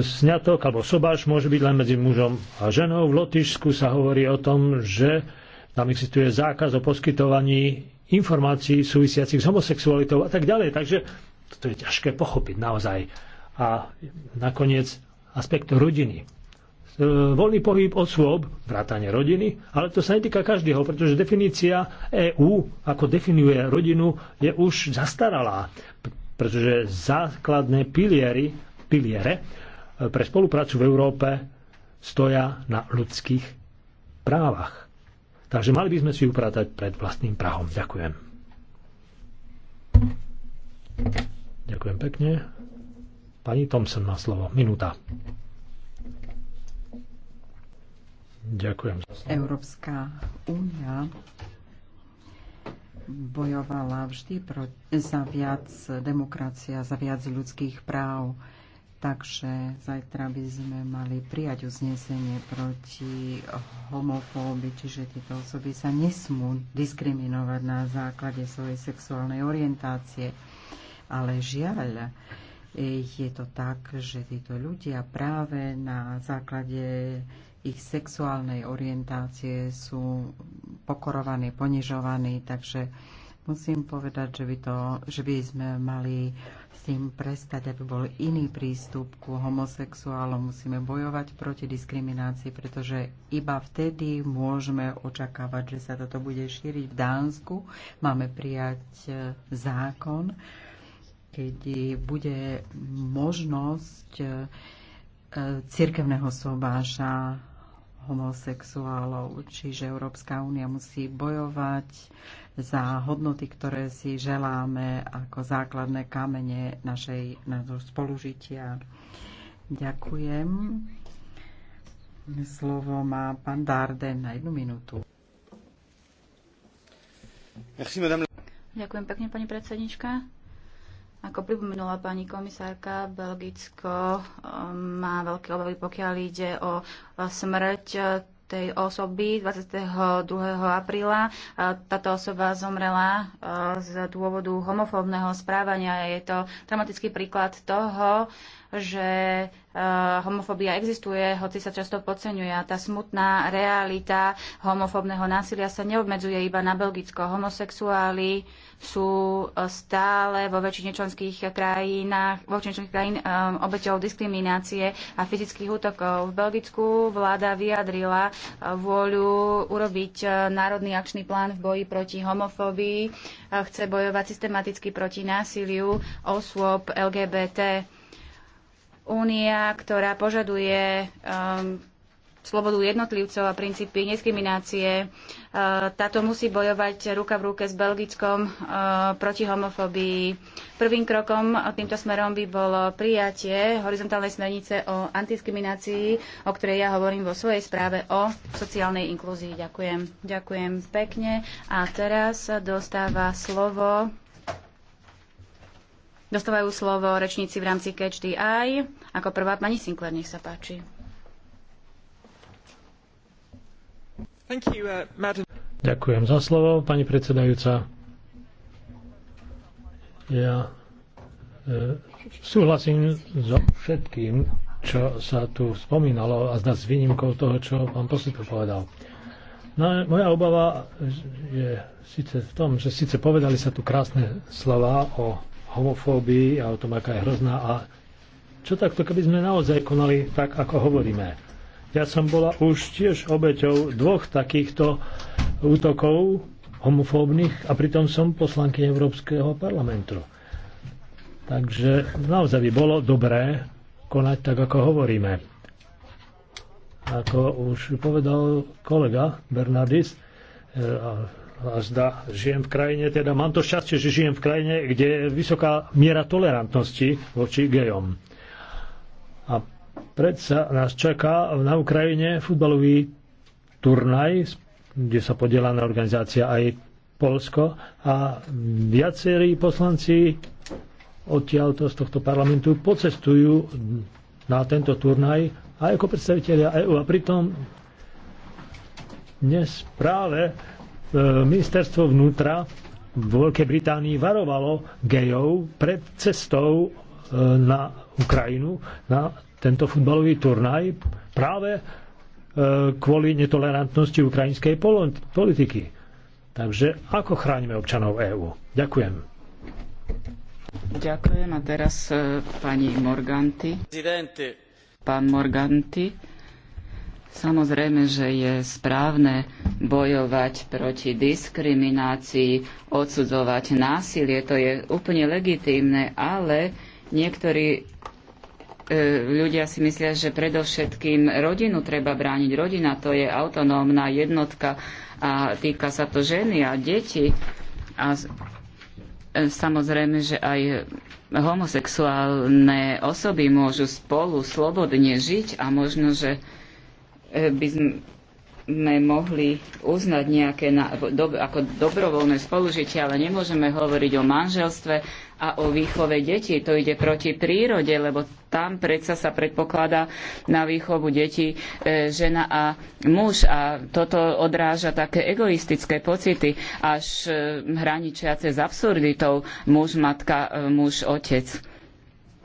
sňatok alebo sobáš môže byť len medzi mužom a ženou. V Lotyšsku sa hovorí o tom, že tam existuje zákaz o poskytovaní informácií súvisiacich s homosexualitou a tak ďalej. Takže toto je ťažké pochopiť naozaj. A nakoniec aspekt rodiny. E, voľný pohyb osôb, vrátanie rodiny, ale to sa netýka každého, pretože definícia EÚ, ako definuje rodinu, je už zastaralá, pretože základné piliery piliere e, pre spoluprácu v Európe stoja na ľudských právach. Takže mali by sme si upratať pred vlastným prahom. Ďakujem. Ďakujem pekne. Pani Thompson má slovo. Minúta. Ďakujem. Európska únia bojovala vždy pro, za viac demokracia, za viac ľudských práv. Takže zajtra by sme mali prijať uznesenie proti homofóbii, čiže tieto osoby sa nesmú diskriminovať na základe svojej sexuálnej orientácie. Ale žiaľ, je to tak, že títo ľudia práve na základe ich sexuálnej orientácie sú pokorovaní, ponižovaní, takže musím povedať, že by, to, že by sme mali s tým prestať, aby bol iný prístup ku homosexuálom. Musíme bojovať proti diskriminácii, pretože iba vtedy môžeme očakávať, že sa toto bude šíriť v Dánsku. Máme prijať e, zákon, keď bude možnosť e, e, cirkevného sobáša homosexuálov. Čiže Európska únia musí bojovať za hodnoty, ktoré si želáme ako základné kamene našej, našej spolužitia. Ďakujem. Slovo má pán Darden na jednu minútu. Ďakujem pekne, pani predsednička. Ako pripomenula pani komisárka, Belgicko um, má veľké obavy, pokiaľ ide o uh, smrť uh, tej osoby 22. apríla. Uh, táto osoba zomrela z dôvodu homofóbneho správania. Je to dramatický príklad toho, že eh, homofóbia existuje, hoci sa často podceňuje. A tá smutná realita homofobného násilia sa neobmedzuje iba na Belgicko. Homosexuáli sú eh, stále vo väčšine členských krajinách, vo väčšine členských krajín um, obeťou diskriminácie a fyzických útokov. V Belgicku vláda vyjadrila vôľu urobiť národný akčný plán v boji proti homofóbii. Chce bojovať systematicky proti násiliu osôb LGBT únia, ktorá požaduje um, slobodu jednotlivcov a princípy diskriminácie. Uh, táto musí bojovať ruka v ruke s Belgickom uh, proti homofóbii. Prvým krokom týmto smerom by bolo prijatie horizontálnej smernice o antidiskriminácii, o ktorej ja hovorím vo svojej správe o sociálnej inklúzii. Ďakujem. Ďakujem pekne. A teraz dostáva slovo Dostávajú slovo rečníci v rámci Catch the Eye. Ako prvá pani Sinclair, nech sa páči. You, uh, Ďakujem za slovo, pani predsedajúca. Ja e, súhlasím so všetkým, čo sa tu spomínalo a zda s výnimkou toho, čo pán Poslitu povedal. No, moja obava je síce v tom, že síce povedali sa tu krásne slova o homofóbii a o tom, aká je hrozná. A čo takto, keby sme naozaj konali tak, ako hovoríme? Ja som bola už tiež obeťou dvoch takýchto útokov homofóbnych a pritom som poslanky Európskeho parlamentu. Takže naozaj by bolo dobré konať tak, ako hovoríme. Ako už povedal kolega Bernardis, e, zda žijem v krajine, teda mám to šťastie, že žijem v krajine, kde je vysoká miera tolerantnosti voči gejom. A predsa nás čaká na Ukrajine futbalový turnaj, kde sa podiela na organizácia aj Polsko a viacerí poslanci odtiaľto z tohto parlamentu pocestujú na tento turnaj aj ako predstaviteľia EÚ a pritom dnes práve E, ministerstvo vnútra v Veľkej Británii varovalo gejov pred cestou e, na Ukrajinu na tento futbalový turnaj práve e, kvôli netolerantnosti ukrajinskej politiky. Takže ako chránime občanov EÚ? Ďakujem. Ďakujem a teraz pani Morganti. Pán Morganti. Samozrejme, že je správne bojovať proti diskriminácii, odsudzovať násilie, to je úplne legitímne, ale niektorí e, ľudia si myslia, že predovšetkým rodinu treba brániť. Rodina to je autonómna jednotka a týka sa to ženy a deti. A e, samozrejme, že aj homosexuálne osoby môžu spolu slobodne žiť a možno, že E, by sme mohli uznať nejaké na, do, ako dobrovoľné spolužitie, ale nemôžeme hovoriť o manželstve a o výchove detí. To ide proti prírode, lebo tam predsa sa predpokladá na výchovu detí e, žena a muž a toto odráža také egoistické pocity, až e, hraničiace s absurditou muž, matka, e, muž, otec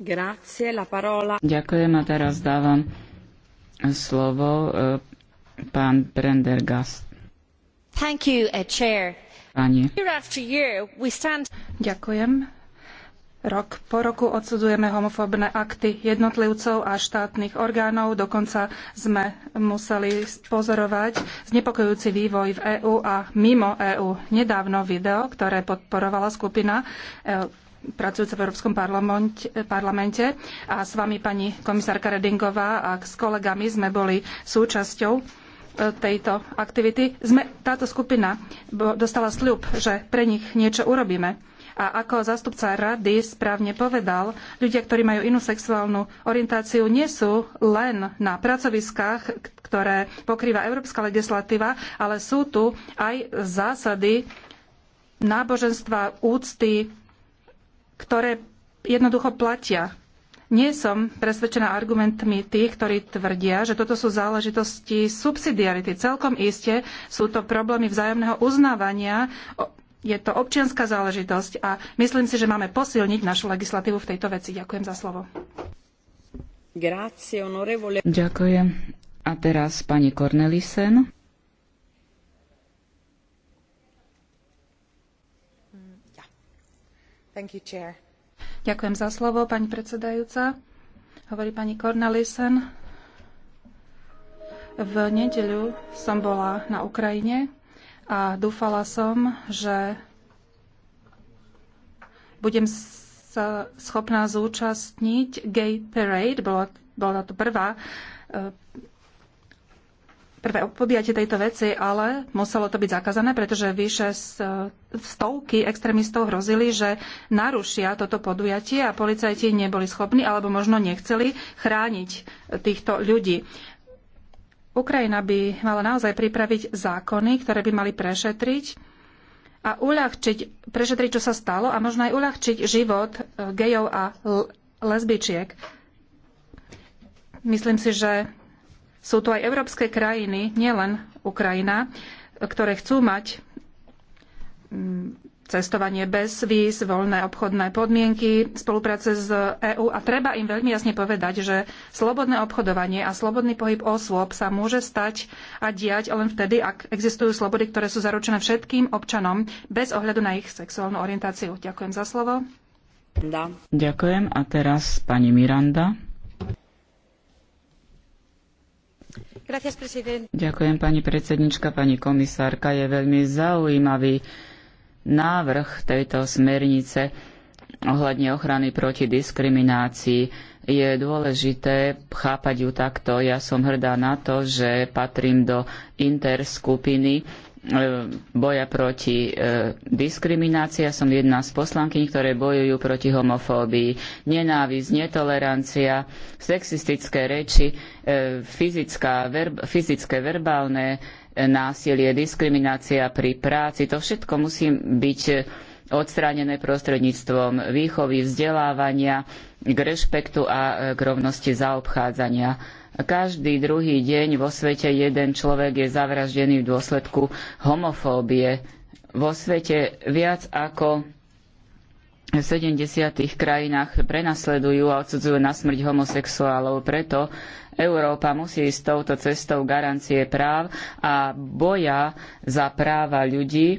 Ďakujem a teraz dávam slovo e, pán Prendergast. Thank you, uh, chair. Pani. Year after year we stand... Ďakujem. Rok po roku odsudzujeme homofóbne akty jednotlivcov a štátnych orgánov. Dokonca sme museli pozorovať znepokojujúci vývoj v EÚ a mimo EÚ. Nedávno video, ktoré podporovala skupina e, pracujúca v Európskom parlamente a s vami pani komisárka Redingová a s kolegami sme boli súčasťou e, tejto aktivity. Sme, táto skupina dostala sľub, že pre nich niečo urobíme. A ako zástupca rady správne povedal, ľudia, ktorí majú inú sexuálnu orientáciu, nie sú len na pracoviskách, ktoré pokrýva európska legislatíva, ale sú tu aj zásady náboženstva, úcty, ktoré jednoducho platia. Nie som presvedčená argumentmi tých, ktorí tvrdia, že toto sú záležitosti subsidiarity. Celkom iste sú to problémy vzájomného uznávania. Je to občianská záležitosť a myslím si, že máme posilniť našu legislatívu v tejto veci. Ďakujem za slovo. Grazie, Ďakujem. A teraz pani Cornelisen. You, Ďakujem za slovo, pani predsedajúca. Hovorí pani Cornelisen. V nedeľu som bola na Ukrajine a dúfala som, že budem sa schopná zúčastniť Gay Parade. Bola, bola to prvá e, prvé podujatie tejto veci, ale muselo to byť zakázané, pretože vyše stovky extrémistov hrozili, že narušia toto podujatie a policajti neboli schopní alebo možno nechceli chrániť týchto ľudí. Ukrajina by mala naozaj pripraviť zákony, ktoré by mali prešetriť a uľahčiť, prešetriť, čo sa stalo a možno aj uľahčiť život eh, gejov a lesbičiek. Myslím si, že sú tu aj európske krajiny, nielen Ukrajina, ktoré chcú mať mm, cestovanie bez víz, voľné obchodné podmienky, spolupráce s EÚ a treba im veľmi jasne povedať, že slobodné obchodovanie a slobodný pohyb osôb sa môže stať a diať len vtedy, ak existujú slobody, ktoré sú zaručené všetkým občanom bez ohľadu na ich sexuálnu orientáciu. Ďakujem za slovo. Da. Ďakujem a teraz pani Miranda. Ďakujem pani predsednička, pani komisárka. Je veľmi zaujímavý návrh tejto smernice ohľadne ochrany proti diskriminácii. Je dôležité chápať ju takto. Ja som hrdá na to, že patrím do interskupiny E, boja proti e, diskriminácii. Ja som jedna z poslankyň, ktoré bojujú proti homofóbii. Nenávisť, netolerancia, sexistické reči, e, fyzická, verb, fyzické, verbálne násilie, diskriminácia pri práci. To všetko musí byť odstránené prostredníctvom výchovy, vzdelávania, k rešpektu a k rovnosti zaobchádzania každý druhý deň vo svete jeden človek je zavraždený v dôsledku homofóbie. Vo svete viac ako v 70. krajinách prenasledujú a odsudzujú na smrť homosexuálov. Preto Európa musí ísť touto cestou garancie práv a boja za práva ľudí e,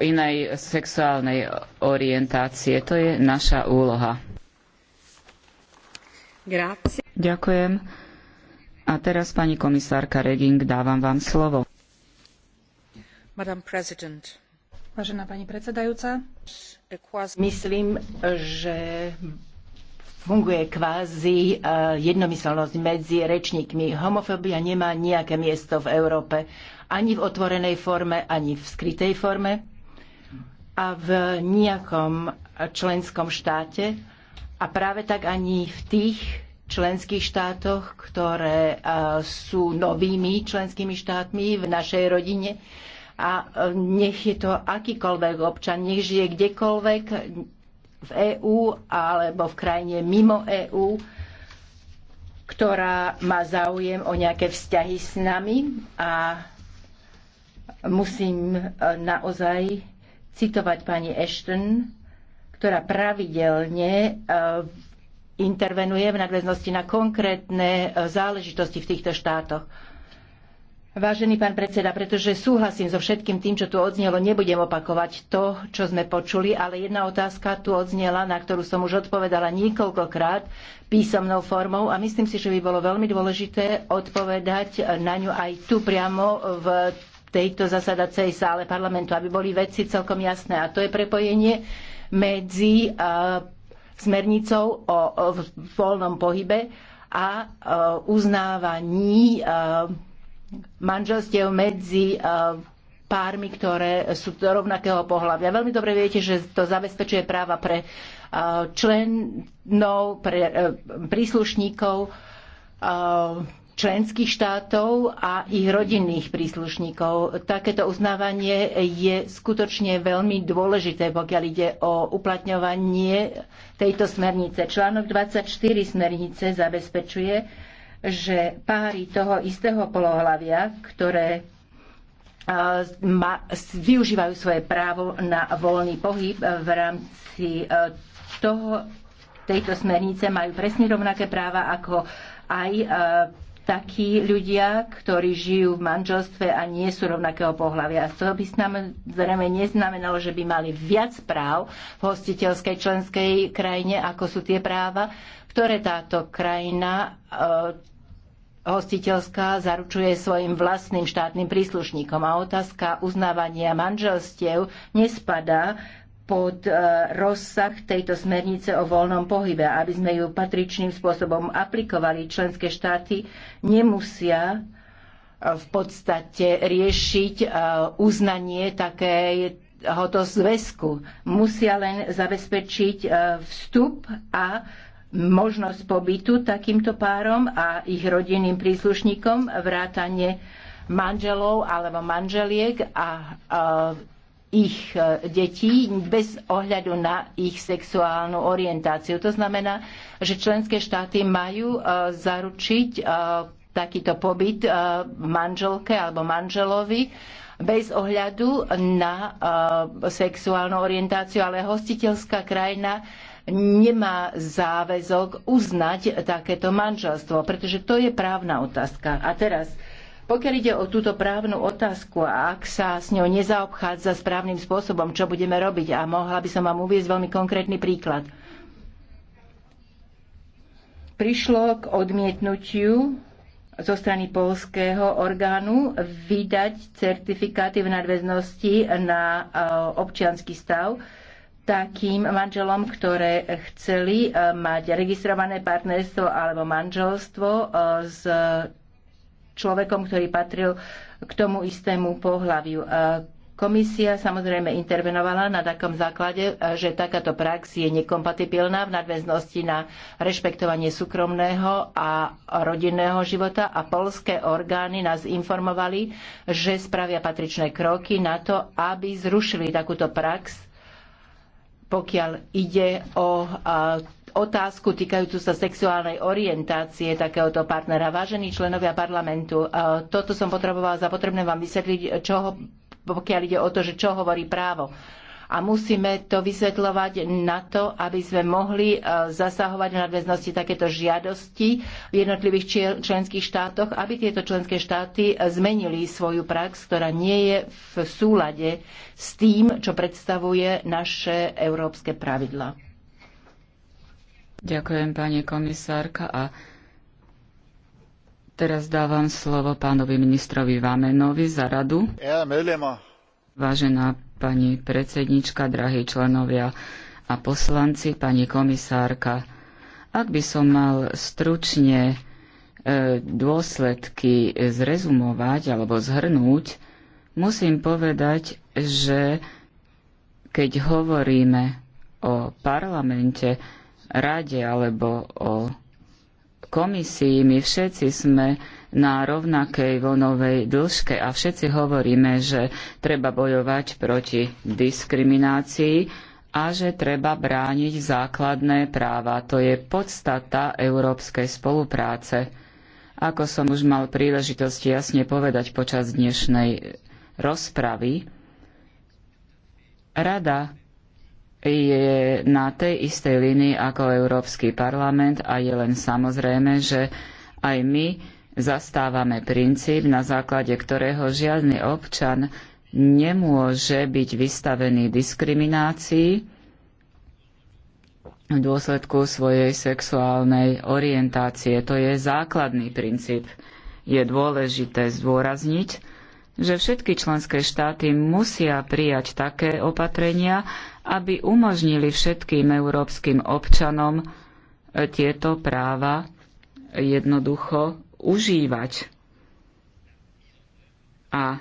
inej sexuálnej orientácie. To je naša úloha. Grazie. Ďakujem. A teraz, pani komisárka Reding, dávam vám slovo. Vážená pani predsedajúca, myslím, že funguje kvázi eh, jednomyselnosť medzi rečníkmi. Homofóbia nemá nejaké miesto v Európe, ani v otvorenej forme, ani v skrytej forme a v nejakom členskom štáte a práve tak ani v tých členských štátoch, ktoré sú novými členskými štátmi v našej rodine. A e, nech je to akýkoľvek občan, nech žije kdekoľvek v EÚ alebo v krajine mimo EÚ, ktorá má záujem o nejaké vzťahy s nami a musím e, naozaj citovať pani Ashton, ktorá pravidelne e, intervenuje v nadväznosti na konkrétne e, záležitosti v týchto štátoch. Vážený pán predseda, pretože súhlasím so všetkým tým, čo tu odznelo, nebudem opakovať to, čo sme počuli, ale jedna otázka tu odznela, na ktorú som už odpovedala niekoľkokrát písomnou formou a myslím si, že by bolo veľmi dôležité odpovedať na ňu aj tu priamo v tejto zasadacej sále parlamentu, aby boli veci celkom jasné. A to je prepojenie medzi e, smernicou o, voľnom pohybe a e, uznávaní e, manželstiev medzi e, pármi, ktoré sú do rovnakého pohľavia. Veľmi dobre viete, že to zabezpečuje práva pre členov, pre príslušníkov členských štátov a ich rodinných príslušníkov. Takéto uznávanie je skutočne veľmi dôležité, pokiaľ ide o uplatňovanie tejto smernice. Článok 24 smernice zabezpečuje, že páry toho istého polohlavia, ktoré využívajú svoje právo na voľný pohyb v rámci e, toho, tejto smernice, majú presne rovnaké práva ako aj e, takí ľudia, ktorí žijú v manželstve a nie sú rovnakého pohľavia. To by zrejme neznamenalo, že by mali viac práv v hostiteľskej členskej krajine, ako sú tie práva, ktoré táto krajina e, hostiteľská zaručuje svojim vlastným štátnym príslušníkom. A otázka uznávania manželstiev nespadá pod e, rozsah tejto smernice o voľnom pohybe. Aby sme ju patričným spôsobom aplikovali, členské štáty nemusia e, v podstate riešiť e, uznanie takéhoto zväzku. Musia len zabezpečiť vstup a možnosť pobytu takýmto párom a ich rodinným príslušníkom vrátane manželov alebo manželiek a, a ich e, detí bez ohľadu na ich sexuálnu orientáciu. To znamená, že členské štáty majú e, zaručiť e, takýto pobyt manželke alebo manželovi bez ohľadu na sexuálnu orientáciu, ale hostiteľská krajina nemá záväzok uznať takéto manželstvo, pretože to je právna otázka. A teraz pokiaľ ide o túto právnu otázku a ak sa s ňou nezaobchádza správnym spôsobom, čo budeme robiť? A mohla by som vám uviezť veľmi konkrétny príklad. Prišlo k odmietnutiu zo strany polského orgánu vydať certifikáty v nadväznosti na e, občianský stav takým manželom, ktoré chceli e, mať registrované partnerstvo alebo manželstvo e, s človekom, ktorý patril k tomu istému pohľaviu. Komisia samozrejme intervenovala na takom základe, že takáto prax je nekompatibilná v nadväznosti na rešpektovanie súkromného a rodinného života a polské orgány nás informovali, že spravia patričné kroky na to, aby zrušili takúto prax, pokiaľ ide o otázku týkajúcu sa sexuálnej orientácie takéhoto partnera. Vážení členovia parlamentu, e, toto som potrebovala za potrebné vám vysvetliť, čo, pokiaľ ide o to, že čo hovorí právo. A musíme to vysvetľovať na to, aby sme mohli e, zasahovať v nadväznosti takéto žiadosti v jednotlivých členských štátoch, aby tieto členské štáty e, zmenili svoju prax, ktorá nie je v súlade s tým, čo predstavuje naše európske pravidla. Ďakujem, pani komisárka. A teraz dávam slovo pánovi ministrovi Vamenovi za radu. Vážená pani predsednička, drahí členovia a poslanci, pani komisárka, ak by som mal stručne e, dôsledky zrezumovať alebo zhrnúť, musím povedať, že keď hovoríme o parlamente, rade alebo o komisii, my všetci sme na rovnakej vonovej dĺžke a všetci hovoríme, že treba bojovať proti diskriminácii a že treba brániť základné práva. To je podstata európskej spolupráce. Ako som už mal príležitosť jasne povedať počas dnešnej rozpravy, Rada je na tej istej línii ako Európsky parlament a je len samozrejme, že aj my zastávame princíp, na základe ktorého žiadny občan nemôže byť vystavený diskriminácii v dôsledku svojej sexuálnej orientácie. To je základný princíp. Je dôležité zdôrazniť, že všetky členské štáty musia prijať také opatrenia, aby umožnili všetkým európskym občanom e, tieto práva jednoducho užívať. A,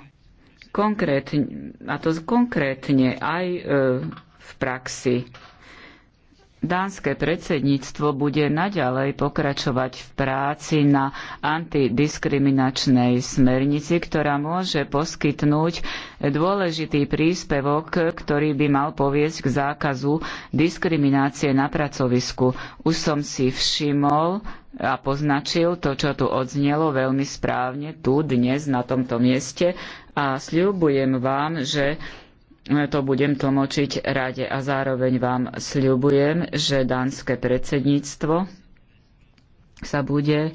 konkrétne, a to konkrétne aj e, v praxi. Dánske predsedníctvo bude naďalej pokračovať v práci na antidiskriminačnej smernici, ktorá môže poskytnúť dôležitý príspevok, ktorý by mal poviesť k zákazu diskriminácie na pracovisku. Už som si všimol a poznačil to, čo tu odznelo veľmi správne tu dnes na tomto mieste a sľubujem vám, že to budem tlmočiť rade a zároveň vám sľubujem, že dánske predsedníctvo sa bude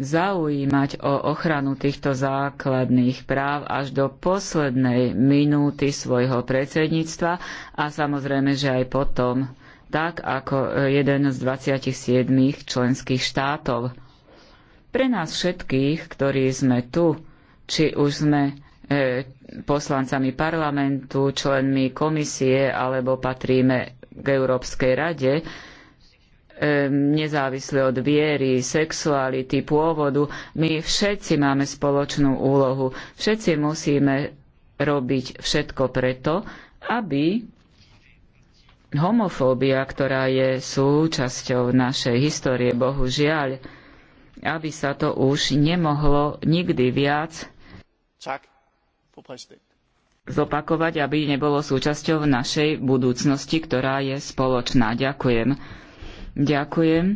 zaujímať o ochranu týchto základných práv až do poslednej minúty svojho predsedníctva a samozrejme, že aj potom, tak ako jeden z 27 členských štátov. Pre nás všetkých, ktorí sme tu, či už sme E, poslancami parlamentu, členmi komisie alebo patríme k Európskej rade, e, nezávisle od viery, sexuality, pôvodu, my všetci máme spoločnú úlohu. Všetci musíme robiť všetko preto, aby homofóbia, ktorá je súčasťou našej histórie, bohužiaľ, aby sa to už nemohlo nikdy viac zopakovať, aby nebolo súčasťou našej budúcnosti, ktorá je spoločná. Ďakujem. Ďakujem.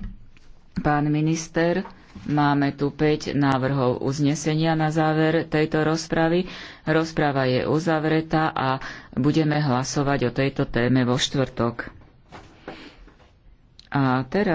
Pán minister, máme tu 5 návrhov uznesenia na záver tejto rozpravy. Rozprava je uzavretá a budeme hlasovať o tejto téme vo štvrtok. A teraz